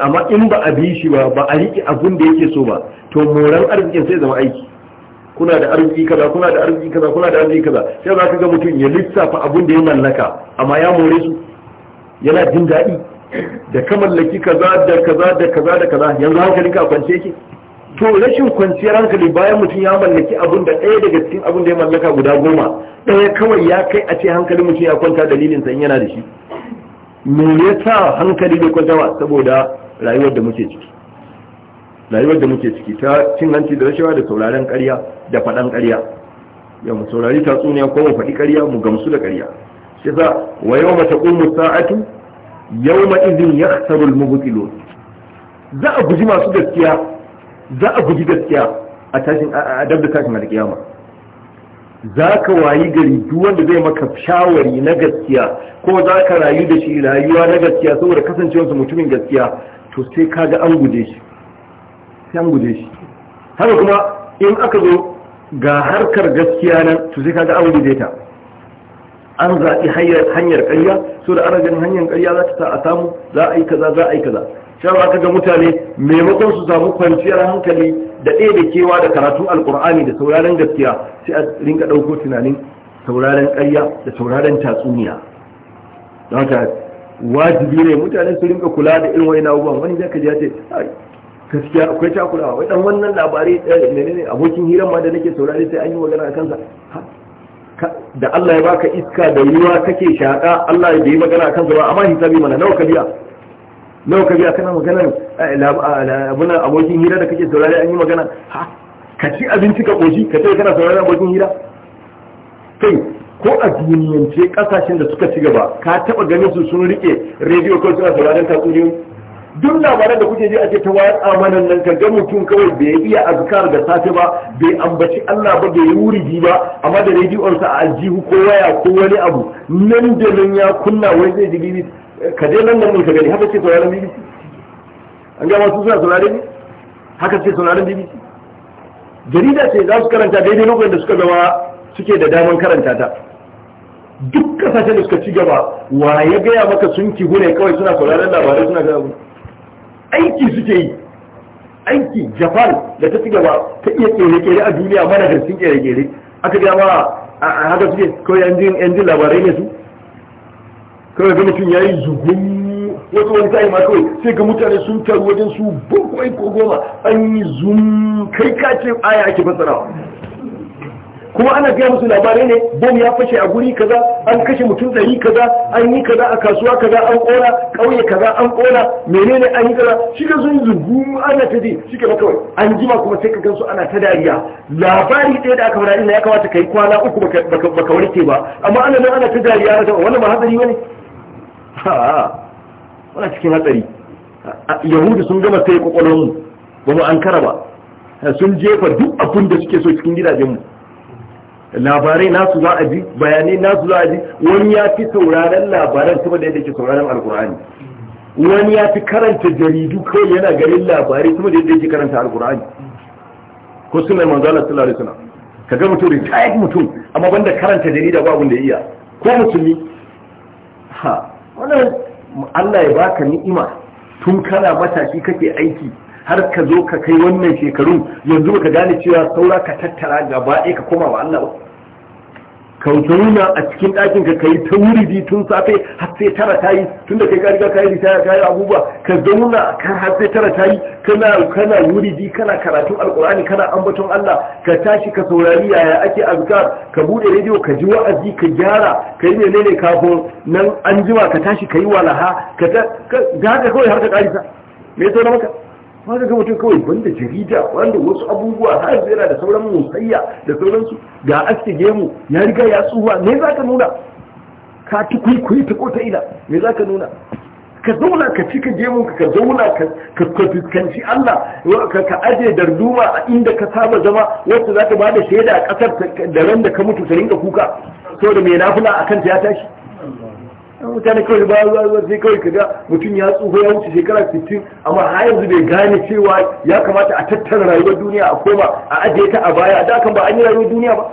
amma in ba a bi shi ba ba a riƙe abun da yake so ba to moran arzikin sai zama aiki kuna da arziki kaza kuna da arziki kaza kuna da arziki kaza sai za ka ga mutum ya lissafa abun da ya mallaka amma ya more su yana jin daɗi da ka mallaki kaza da kaza da kaza da kaza yanzu hankalinka a kwance yake to rashin kwanciyar hankali bayan mutum ya mallaki abun da ɗaya daga cikin abun da ya mallaka guda goma ɗaya kawai ya kai a ce hankalin mutum ya kwanta dalilin san yana da shi me yasa hankali bai kwanta ba saboda rayuwar da muke ciki rayuwar da muke ciki ta cin hanci da rashawa da sauraren ƙarya da faɗan ƙarya ya mu saurari tatsuniya ko mu faɗi ƙarya mu gamsu da ƙarya shi yasa wa yawma taqumu sa'atu yawma idhin yakhsaru al-mubtilun za a guji masu gaskiya za a guji gaskiya a tashin a dab da tashin alkiyama za ka wayi gari duk wanda zai maka shawari na gaskiya ko za ka rayu da shi rayuwa na gaskiya saboda kasancewarsa mutumin gaskiya to sai ka ga an guje shi sai an guje shi haka kuma in aka zo ga harkar gaskiya nan to sai ka ga an guje ta an zaɓi hanyar ƙarya so da ana ganin hanyar ƙarya za ta a samu za a yi kaza za a yi kaza shan aka ga mutane maimakon su samu kwanciyar hankali da ɗaya da kewa da karatun alkur'ani da sauraren gaskiya sai a rinka ɗauko tunanin sauraren ƙarya da sauraren tatsuniya don wajibi ne mutane su rinka kula da irin wani abubuwan wani zaka ji ce gaskiya akwai cakulawa wai dan wannan labarai eh, ne ne abokin hirar ma da nake saurari sai an yi magana a kansa da Allah ya baka iska da ruwa kake shaka Allah ya yi magana kan zuwa amma hisabi mana nawa ka biya nawa ka biya kana magana eh, abuna abokin hira da kake saurari an yi magana ha ka ci abinci ka koshi ka ce kana saurari abokin hira kai ko a duniyance kasashen da suka ci gaba ka taba ganin su sun rike rediyo ko suna sauraron tatsuniyoyi duk labaran da kuke ji a ce ta wayar amanan nan ka ga mutum kawai bai iya azkar da safe ba bai ambaci Allah ba bai wuridi ba amma da sa a aljihu ko waya ko wani abu nan da nan ya kunna wai zai ji bibi ka je nan nan ka gani haka ce sauraron bibi an ga masu suna sauraron ne haka ce sauraron bibi jarida ce za su karanta daidai lokacin da suka zama suke da daman karanta ta duk kasashen da suka ci gaba wa ya gaya maka sun ki hune kawai suna sauraron labarai suna gaba aiki suke yi aiki japan da ta cigaba gaba ta iya kere-kere a duniya mana da sun kere-kere aka gama a haka suke kawai yan jin labarai ne su kawai ga mutum ya yi zugun wasu wani tayi ma kawai sai ga mutane sun taru wajen su bukwai ko goma an yi zun kai kace aya ake fassarawa kuma ana gaya musu labarai ne bom ya fashe a guri kaza an kashe mutum ɗari kaza an yi kaza a kasuwa kaza an kora ƙauye kaza an kora menene an yi kaza shi ka sun zugu ana ta ji shi ke kawai an jima kuma sai ka gan su ana ta dariya labari ɗaya da aka fara ina ya kamata ka yi kwana uku baka warke ba amma ana nan ana ta dariya na wannan ba hatsari ba ne wannan cikin hatsari yahudu sun gama sai kwakwalwarmu ba mu an kara ba sun jefa duk abin da suke so cikin gidajen mu. labarai nasu za a ji bayanai nasu za a ji wani ya fi sauraron labaran kuma da yadda yake sauraron alkur'ani wani ya fi karanta jaridu kawai yana garin labarai kuma da yadda yake karanta alkur'ani ko sunan manzo Allah sallallahu alaihi wasallam ga mutum retired mutum amma banda karanta jarida ba abin da ya iya ko musulmi ha wannan Allah ya baka ni'ima tun kana matashi kake aiki har ka zo ka kai wannan shekarun yanzu ka gane cewa saura ka tattara gaba ɗaya ka koma wa Allah ka zauna a cikin ɗakin ka kai ta wuridi tun safe har sai tara ta yi tun da kai ka riga ka yi ritaya ka yi abubuwa ka zauna kan har sai tara ta yi kana kana wuridi kana karatun Alƙur'ani, kana ambaton Allah ka tashi ka saurari yaya ake azkar ka bude rediyo ka ji wa'azi ka gyara ka yi menene kafin nan an jima ka tashi ka yi walaha ka da haka kawai har ka ƙarisa me ya na maka wanda daga mutum kawai banda jarida wanda wasu abubuwa har yana da sauran musayya da sauransu ga aske gemu ya riga ya tsuwa me za ka nuna ka ta kwaikwayi ta kota ila me za ka nuna ka zauna ka cika gemu, ka zauna ka fuskanci Allah ka aje darduma a inda ka saba zama wacce za ta ba da shaida a ƙasar da ran da ka mutu ta rinka kuka saboda mai nafula a kanta ya tashi mutane kawai ba za a sai kawai kaga mutum ya tsufa ya wuce shekara sittin, amma har yanzu bai gane cewa ya kamata a tattara rayuwar duniya a koma a ajiye ta a baya da kan ba an yi rayuwar duniya ba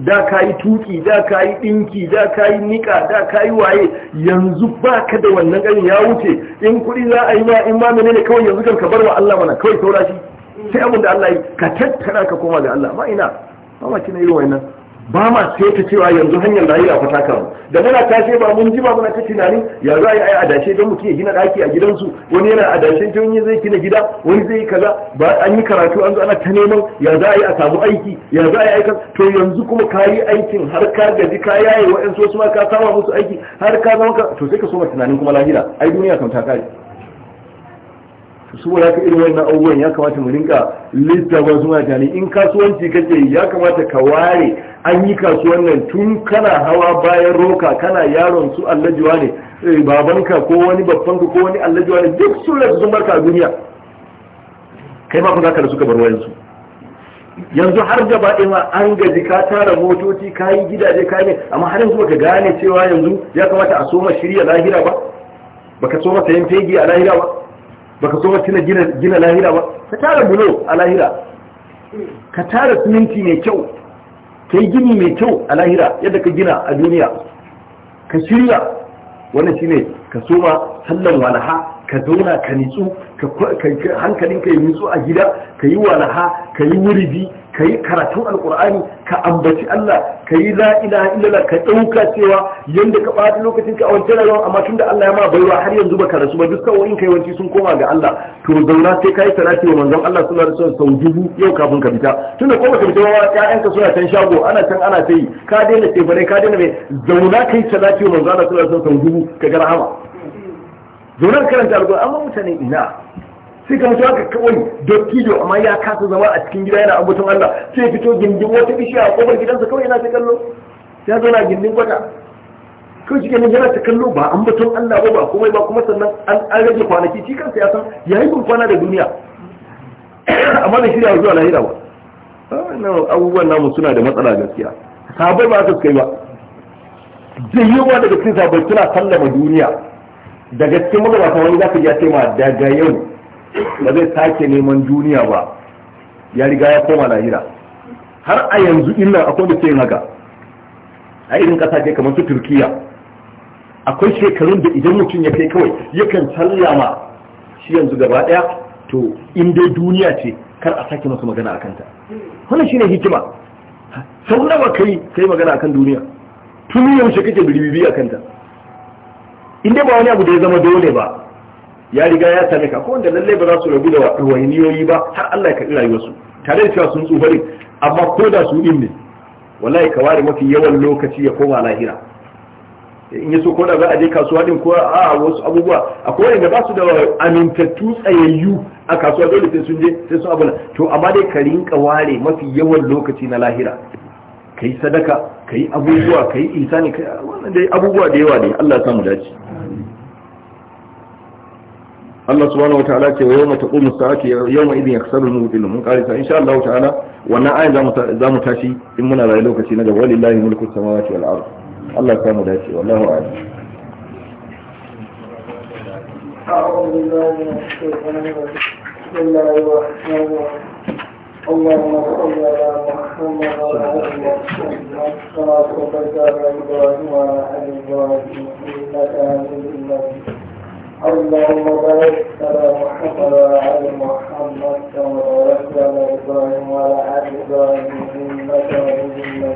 da ka yi tuki da ka yi dinki da ka yi nika da ka yi waye yanzu ba ka da wannan ganin ya wuce in kuɗi za a yi ma in ma menene kawai yanzu kan ka bar wa Allah mana kawai saura shi sai abin da Allah yi ka tattara ka koma ga Allah ma ina ba ma kina irin ina ba ma sai ta cewa yanzu hanyar rayuwa fa taka kawo da muna tashe ba mun ji ba muna ta tunani ya za a yi adashe don mutum ya gina ɗaki a gidansu wani yana adashe ta wani zai gina gida wani zai yi kaza ba an yi karatu an zo ana ta neman ya za a yi a samu aiki ya za a yi aikin to yanzu kuma ka yi aikin har ka gaji ka yaye wa'yansu wasu ma ka sama musu aiki har ka zama ka to sai ka so tunanin kuma lahira ai duniya kam ta kare saboda ka irin wannan abubuwan ya kamata mu rinka littafa suna tani in kasuwanci kake ya kamata ka ware an yi kasuwan nan tun kana hawa bayan roka kana yaron su allajuwa ne eh, babanka ko wani ka ko wani allajuwa ne duk sun rasu sun barka a duniya kai ma kuma ka bar wayansu yanzu har da ɗaya an gaji ka tara motoci ka yi gidaje ka ne amma har yanzu baka gane cewa yanzu ya kamata a soma shirya lahira ba baka soma sayan fegi a lahira ba baka so ka tuna gina lahira ba ka tara bulo a lahira ka tara siminti mai kyau ka yi gini mai kyau a lahira yadda ka gina a duniya ka shirya wannan shine ka soma sallan walaha ka zauna ka nitsu hankalinka yi nitsu a gida ka yi walaha ka yi wuridi ka yi karatun alkur'ani ka ambaci Allah ka yi la ka ɗauka cewa yadda ka ɓata lokacin ka a wancan rayuwar amma tun da Allah ya ma baiwa har yanzu baka rasu ba duk sawoyin ka yawanci sun koma ga Allah to zauna sai ka yi salati wa manzon Allah suna da wasallam sau dubu yau kafin ka fita tunda kuma ka fita ba ƴaƴanka suna can shago ana can ana ta yi ka daina tebare ka daina mai zauna kai salati wa manzon Allah sallallahu alaihi sau dubu ka ga rahama zaunar karanta alƙur'ani amma mutane ina sai ka mutu haka kawai jo, amma ya kasa zama a cikin gida yana ambaton Allah sai fito gindin wata bishiya a kofar gidansa kawai yana ta kallo ya zauna gindin kwata kawai cikin yana ta kallo ba ambaton Allah ba ba komai ba kuma sannan an rage kwanaki shi kansa ya san ya yi kwana da duniya [COUGHS] amma da shirya zuwa lahira ba ah, abubuwan namu suna da matsala gaskiya sabai ba su kai ba Zai yawa daga cikin sabai suna sallama duniya daga cikin magabata wani za ka ji ya ce ma daga yau ba zai sake neman duniya ba ya riga ya koma lahira har a yanzu illa akwai da yin haka a irin kasashe kamar su turkiya akwai shekarun da idan mutum ya kai kawai yakan kan ma shi yanzu gaba daya to in dai duniya ce kar a sake masa magana akan ta wannan shine hikima sau nawa kai kai magana akan duniya tun yaushe kake biribibi akan ta in dai ba wani abu da ya zama dole ba ya riga ya same ka ko wanda lallai ba za su rabu da wahiniyoyi ba har Allah ya karɓi rayuwarsu tare da cewa sun tsufa ne amma ko da su din ne wallahi ka ware mafi yawan lokaci ya koma lahira in ya so ko da za a je kasuwa din ko a wasu abubuwa akwai wanda ba su da amintattu tsayayyu a kasuwa dole sai sun je sai sun abuna to amma dai ka rinka ware mafi yawan lokaci na lahira ka yi sadaka ka yi abubuwa ka yi insani ka wannan dai abubuwa da yawa dai Allah ya samu dace Allah subhanahu wa ta'ala ce wa yawma taqumu sa'atu yawma idin yaksaru al-mubtilun mun karisa insha Allah ta'ala wannan ayin za mu tashi in muna rayu lokaci na gaba walillahi mulku samawati wal ard Allah ya samu dace wallahu a'lam أعوذ بالله من الشيطان الرجيم بسم الله الرحمن الرحيم اللهم صل على محمد وعلى ال محمد كما صليت على ابراهيم وعلى ال ابراهيم انك حميد مجيد اللهم بارك على محمد وعلى ال محمد كما باركت على ابراهيم وعلى ال ابراهيم انك حميد مجيد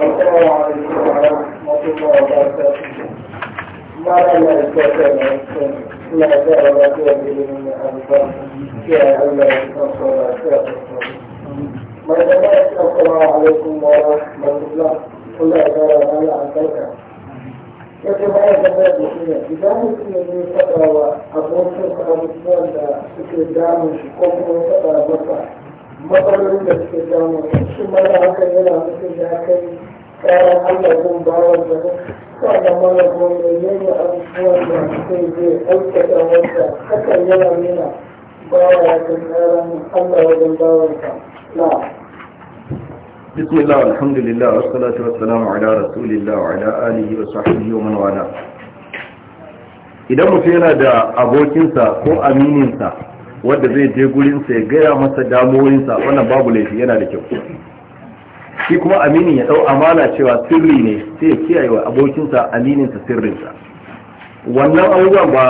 السلام عليكم ورحمه الله وبركاته ما لا يستطيع الانسان لا داعي ولا قوة إلا بالله يا الله يا الله Malamai assalamu alaikum a rahmatullah Allah ya kara mana da shi ne idan mutum ne ya faɗa wa abokin da suke damun shi ko kuma ya faɗa da suke yana mutum ya kai kayan Allah zan ba wa gaba wanda mara gwamna yana abubuwan da kai zai aikata wanda hakan yana nuna ba ya kan tsaron Allah wajen ba wa na بسم الله والحمد لله والصلاة والسلام على رسول الله وعلى آله وصحبه ومن والاه idan mutum yana da abokinsa ko amininsa wanda zai je gurinsa ya gaya masa damuwoyinsa wannan babu laifi yana da kyau shi kuma aminin ya dau amana cewa sirri ne sai ya kiyaye wa abokinsa amininsa sirrinsa wannan abubuwan ba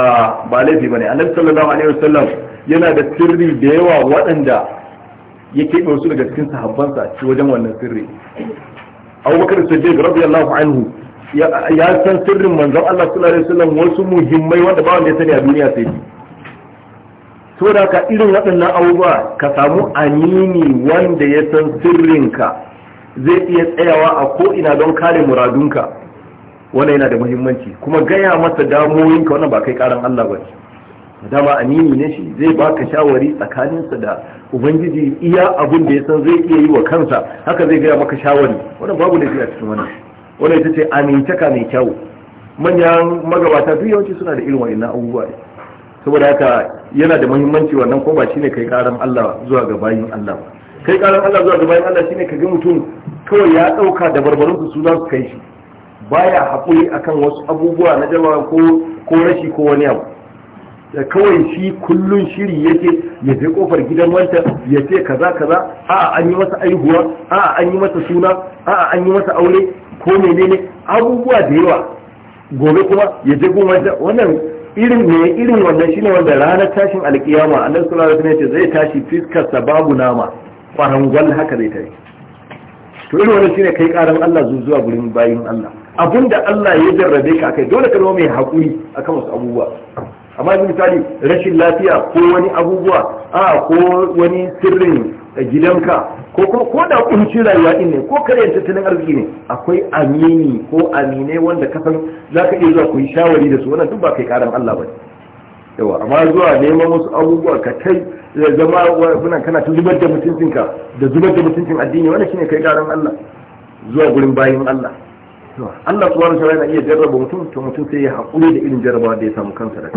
ba laifi bane annabi sallallahu alaihi wasallam yana da sirri da yawa waɗanda ya keɓe su daga cikin sahabbansa ci wajen wannan sirri abubakar siddiq radiyallahu anhu ya san sirrin manzon Allah sallallahu alaihi wasallam wasu muhimmai wanda ba wanda ya sani a duniya sai shi saboda ka irin waɗannan abubuwa ka samu amini wanda ya san sirrinka zai iya tsayawa a ko ina don kare muradunka wannan yana da muhimmanci kuma gaya masa damoyinka wannan ba kai karan Allah ba dama amini ne shi zai baka shawari tsakaninsa da ubangiji iya abin da ya san zai iya yi wa kansa haka zai gaya maka shawari wannan babu da a cikin wannan wannan ita ce amintaka mai kyau manyan magabata duk yawanci suna da irin wa'annan abubuwa saboda haka yana da muhimmanci wannan ko ba shine kai karan Allah zuwa ga bayin Allah ba kai karan Allah zuwa gabayin Allah shine ka ga mutum kawai ya dauka da barbarin su za su kai shi baya haƙuri akan wasu abubuwa na jama'a ko ko rashi ko wani abu da kawai shi kullun shiri yake ya je kofar gidan wanta ya ce kaza kaza a'a an yi masa aihuwa a'a an yi masa suna a'a an yi masa aure ko menene abubuwa da yawa gobe kuma ya je goma wannan irin ne irin wannan shine wanda ranar tashin alkiyama annabi sallallahu alaihi wasallam ya ce zai tashi fiskar sababu nama farangon haka zai tare to irin wannan shine kai karan Allah zuwa gurin bayin Allah da Allah ya jarrabe ka kai dole ka zama mai hakuri akan wasu abubuwa amma yanzu misali rashin lafiya ko wani abubuwa a ko wani sirrin gidanka ko ko da kunci rayuwa din ne ko karyar tattalin arziki ne akwai amini ko amine wanda ka san ka iya zuwa ku yi shawari da su wannan duk ba kai karan Allah ba yawa amma zuwa neman wasu abubuwa ka kai zama wannan kana ta zubar da mutuncinka da zubar da mutuncin addini wannan shine kai garan Allah zuwa gurin bayin Allah Allah subhanahu wa yana iya jarraba mutum to mutum sai ya haƙuri da irin jarrabawa da ya samu kansa da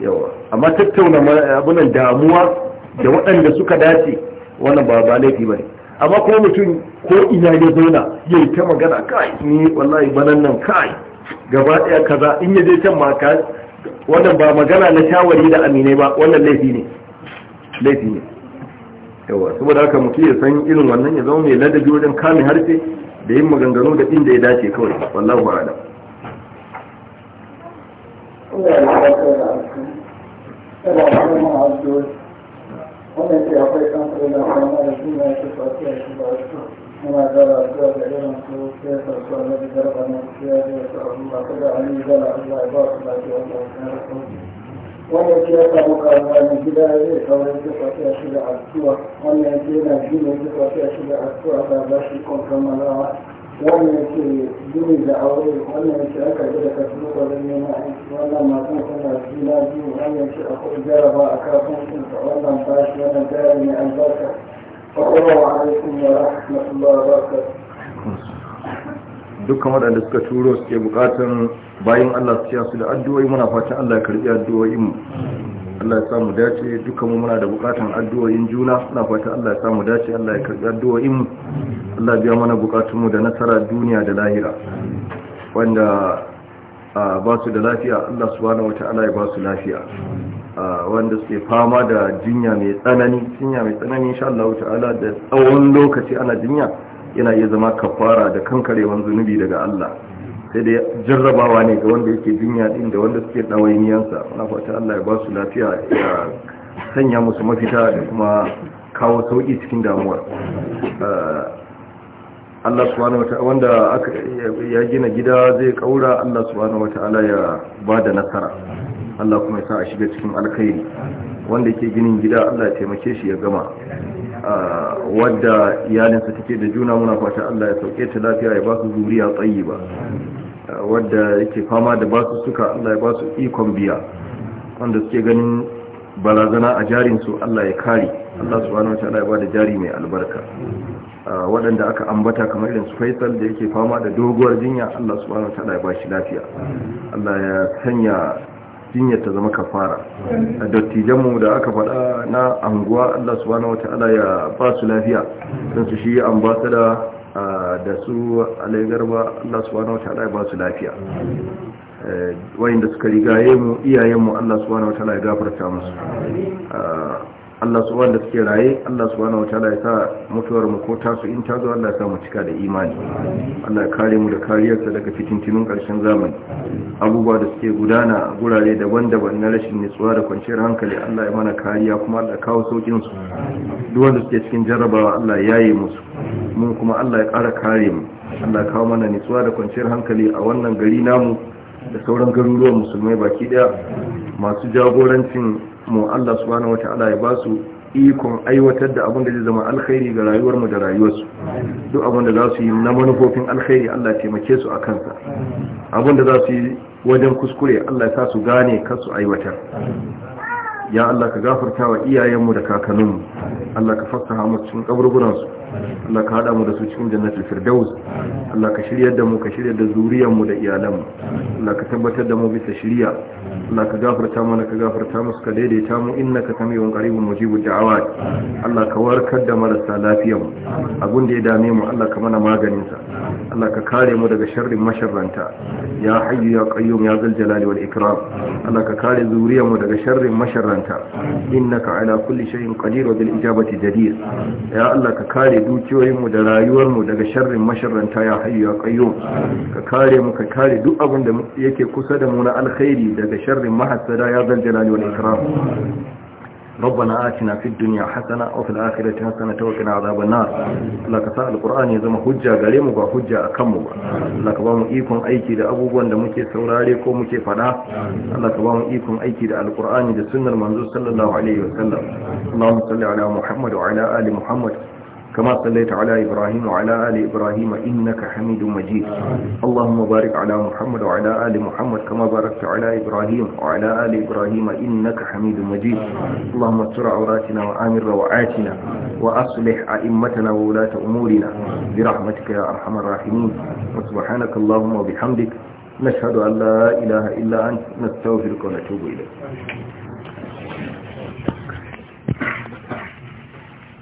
yawa amma tattauna abunan damuwa da waɗanda suka dace wannan ba ba laifi bane amma kuma mutum ko ina ya zauna ya yi ta magana kai ni wallahi banan nan kai gaba ɗaya kaza in ya je can ma wannan ba magana na shawari da aminai ba wannan laifi ne laifi ne yawa saboda haka mutu ya san irin wannan ya zama mai ladabi wajen kame harfe da yin maganganu da inda ya dace kawai wallahu a'lam wannan ce akwai da ya muna zuwa da irin su sai sarsuwa na na ya abu ba ba su lafiya da wasu na wannan shi ya samu karuwa gida zai kawai duk wata shida a tuwa wannan shi yana gina duk wata shida a tuwa ba ba shi kon kammalawa wannan shi gini da aure wannan shi aka gida ka tuwa wajen neman aiki wannan matan tana gina biyu wannan shi akwai jaraba a kafin sunsa wannan ba shi wannan gari ne albarka. Assalamu alaikum wa rahmatullahi wa barakatuh. dukkan waɗanda suka turo suke bukatan bayan Allah su su da addu'o'i muna fatan Allah ya karbi addu’o’i mu Allah ya samu dace dukkan mu muna da bukatan addu'o'in juna muna fatan Allah ya samu dace Allah ya karbi addu’o’i mu Allah biya mana bukatun mu da nasara duniya da lahira wanda ba su da lafiya Allah su wata ala ya ba su lafiya wanda suke fama da jinya mai tsanani jinya mai tsanani insha Allah ta'ala da tsawon lokaci ana jinya yana iya zama kafara da kankarewan zunubi daga Allah sai da jarrabawa ne ga wanda yake jinya din da wanda suke ɗawainiyansa na fata Allah ya ba su lafiya ya sanya musu mafita da kuma kawo sauki cikin damuwar eh, Allah subhanahu wa ta'ala wanda ya gina gida zai kaura Allah subhanahu wa ta'ala ya da nasara Allah kuma ya sa a shiga cikin alkhairi wanda yake ginin gida Allah ya taimake shi ya gama wadda iyalinsa take da juna muna fata Allah ya sauke ta lafiya ya ba su zuriya tsayi ba wadda yake fama da basu suka Allah ya ba su ikon biya wanda suke ganin barazana a jarinsu Allah ya kare Allah subhanahu wa ta'ala ya ba da jari mai albarka waɗanda aka ambata kamar irin su faisal da yake fama da doguwar jinya Allah subhanahu wa ta'ala ya ba shi lafiya Allah ya sanya jinyar ta zama kafara a dattijanmu da aka faɗa na anguwa Allah subhanahu wata'ala ya ba su lafiya don su shi ambasada da su alaigarba Allah subhanahu wata'ala ya ba su lafiya eh, wayanda suka rigaye mu iyayenmu Allah subhanahu wata'ala ya gafarta musu Allah su wanda suke raye Allah su wani wata ya sa mutuwar mu ko su in ta zo Allah ya sa mu cika da imani Allah ya kare mu da kariyarsa daga tunun karshen zamani abubuwa da suke gudana a gurare daban-daban na rashin nutsuwa da kwanciyar hankali Allah ya mana kariya kuma Allah ya kawo saukin su duk wanda suke cikin jarrabawa Allah ya yi musu mun kuma Allah ya ƙara kare mu Allah ya kawo mana nutsuwa da kwanciyar hankali a wannan gari namu da sauran garuruwan musulmai baki daya masu jagorancin mu Allah subhanahu wataala ya ba su ikon aiwatar da abin da zai zama alkhairi ga rayuwar mu da rayuwarsu duk abin da za su yi na manufofin alkhairi Allah taimake su a kansa abin da za su yi wajen kuskure Allah ya sa su gane kan su aiwatar ya Allah ka gafarta wa iyayenmu da kakanninmu Allah ka fassara mu cikin kaburburansu Allah ka haɗa mu da su cikin jannatul firdaus Allah ka shirya da mu ka shirya da zuriyar mu da iyalan mu Allah ka tabbatar da mu bisa shiriya Allah ka gafarta mana ka gafarta musu ka daidaita mu innaka samiyun qaribun mujibud da'awat Allah ka warkar da marasa lafiyar mu abun da ya dame mu Allah ka mana maganin sa Allah ka kare mu daga sharrin masharranta ya hayyu ya qayyum ya zal jalali wal ikram Allah ka kare zuriyar mu daga sharrin masharranta innaka ala kulli shay'in qadir wa bil ijabati jadid ya Allah ka kare dukiyoyinmu da rayuwarmu daga sharrin masharranta ya hayyu ya qayyum ka kare mu ka kare duk abin da yake kusa da mu na alkhairi daga sharrin mahassada ya zal jalali wal ikram ربنا آتنا في الدنيا حسنة وفي الآخرة حسنة وقنا عذاب النار لك سأل القرآن يزم حجة غريم با حجة أكم لك بام إيكم أيكي دا أبو وان دا مكي سوراري كو مكي فدا لك بام إيكم أيكي دا القرآن دا سنة المنزول صلى الله عليه وسلم اللهم صل على محمد وعلى آل محمد كما صليت على إبراهيم وعلى آل إبراهيم إنك حميد مجيد اللهم بارك على محمد وعلى آل محمد كما باركت على إبراهيم وعلى آل إبراهيم إنك حميد مجيد اللهم استر عوراتنا وآمن روعاتنا وأصلح أئمتنا وولاة أمورنا برحمتك يا أرحم الراحمين وسبحانك اللهم وبحمدك نشهد أن لا إله إلا أنت نستغفرك ونتوب إليك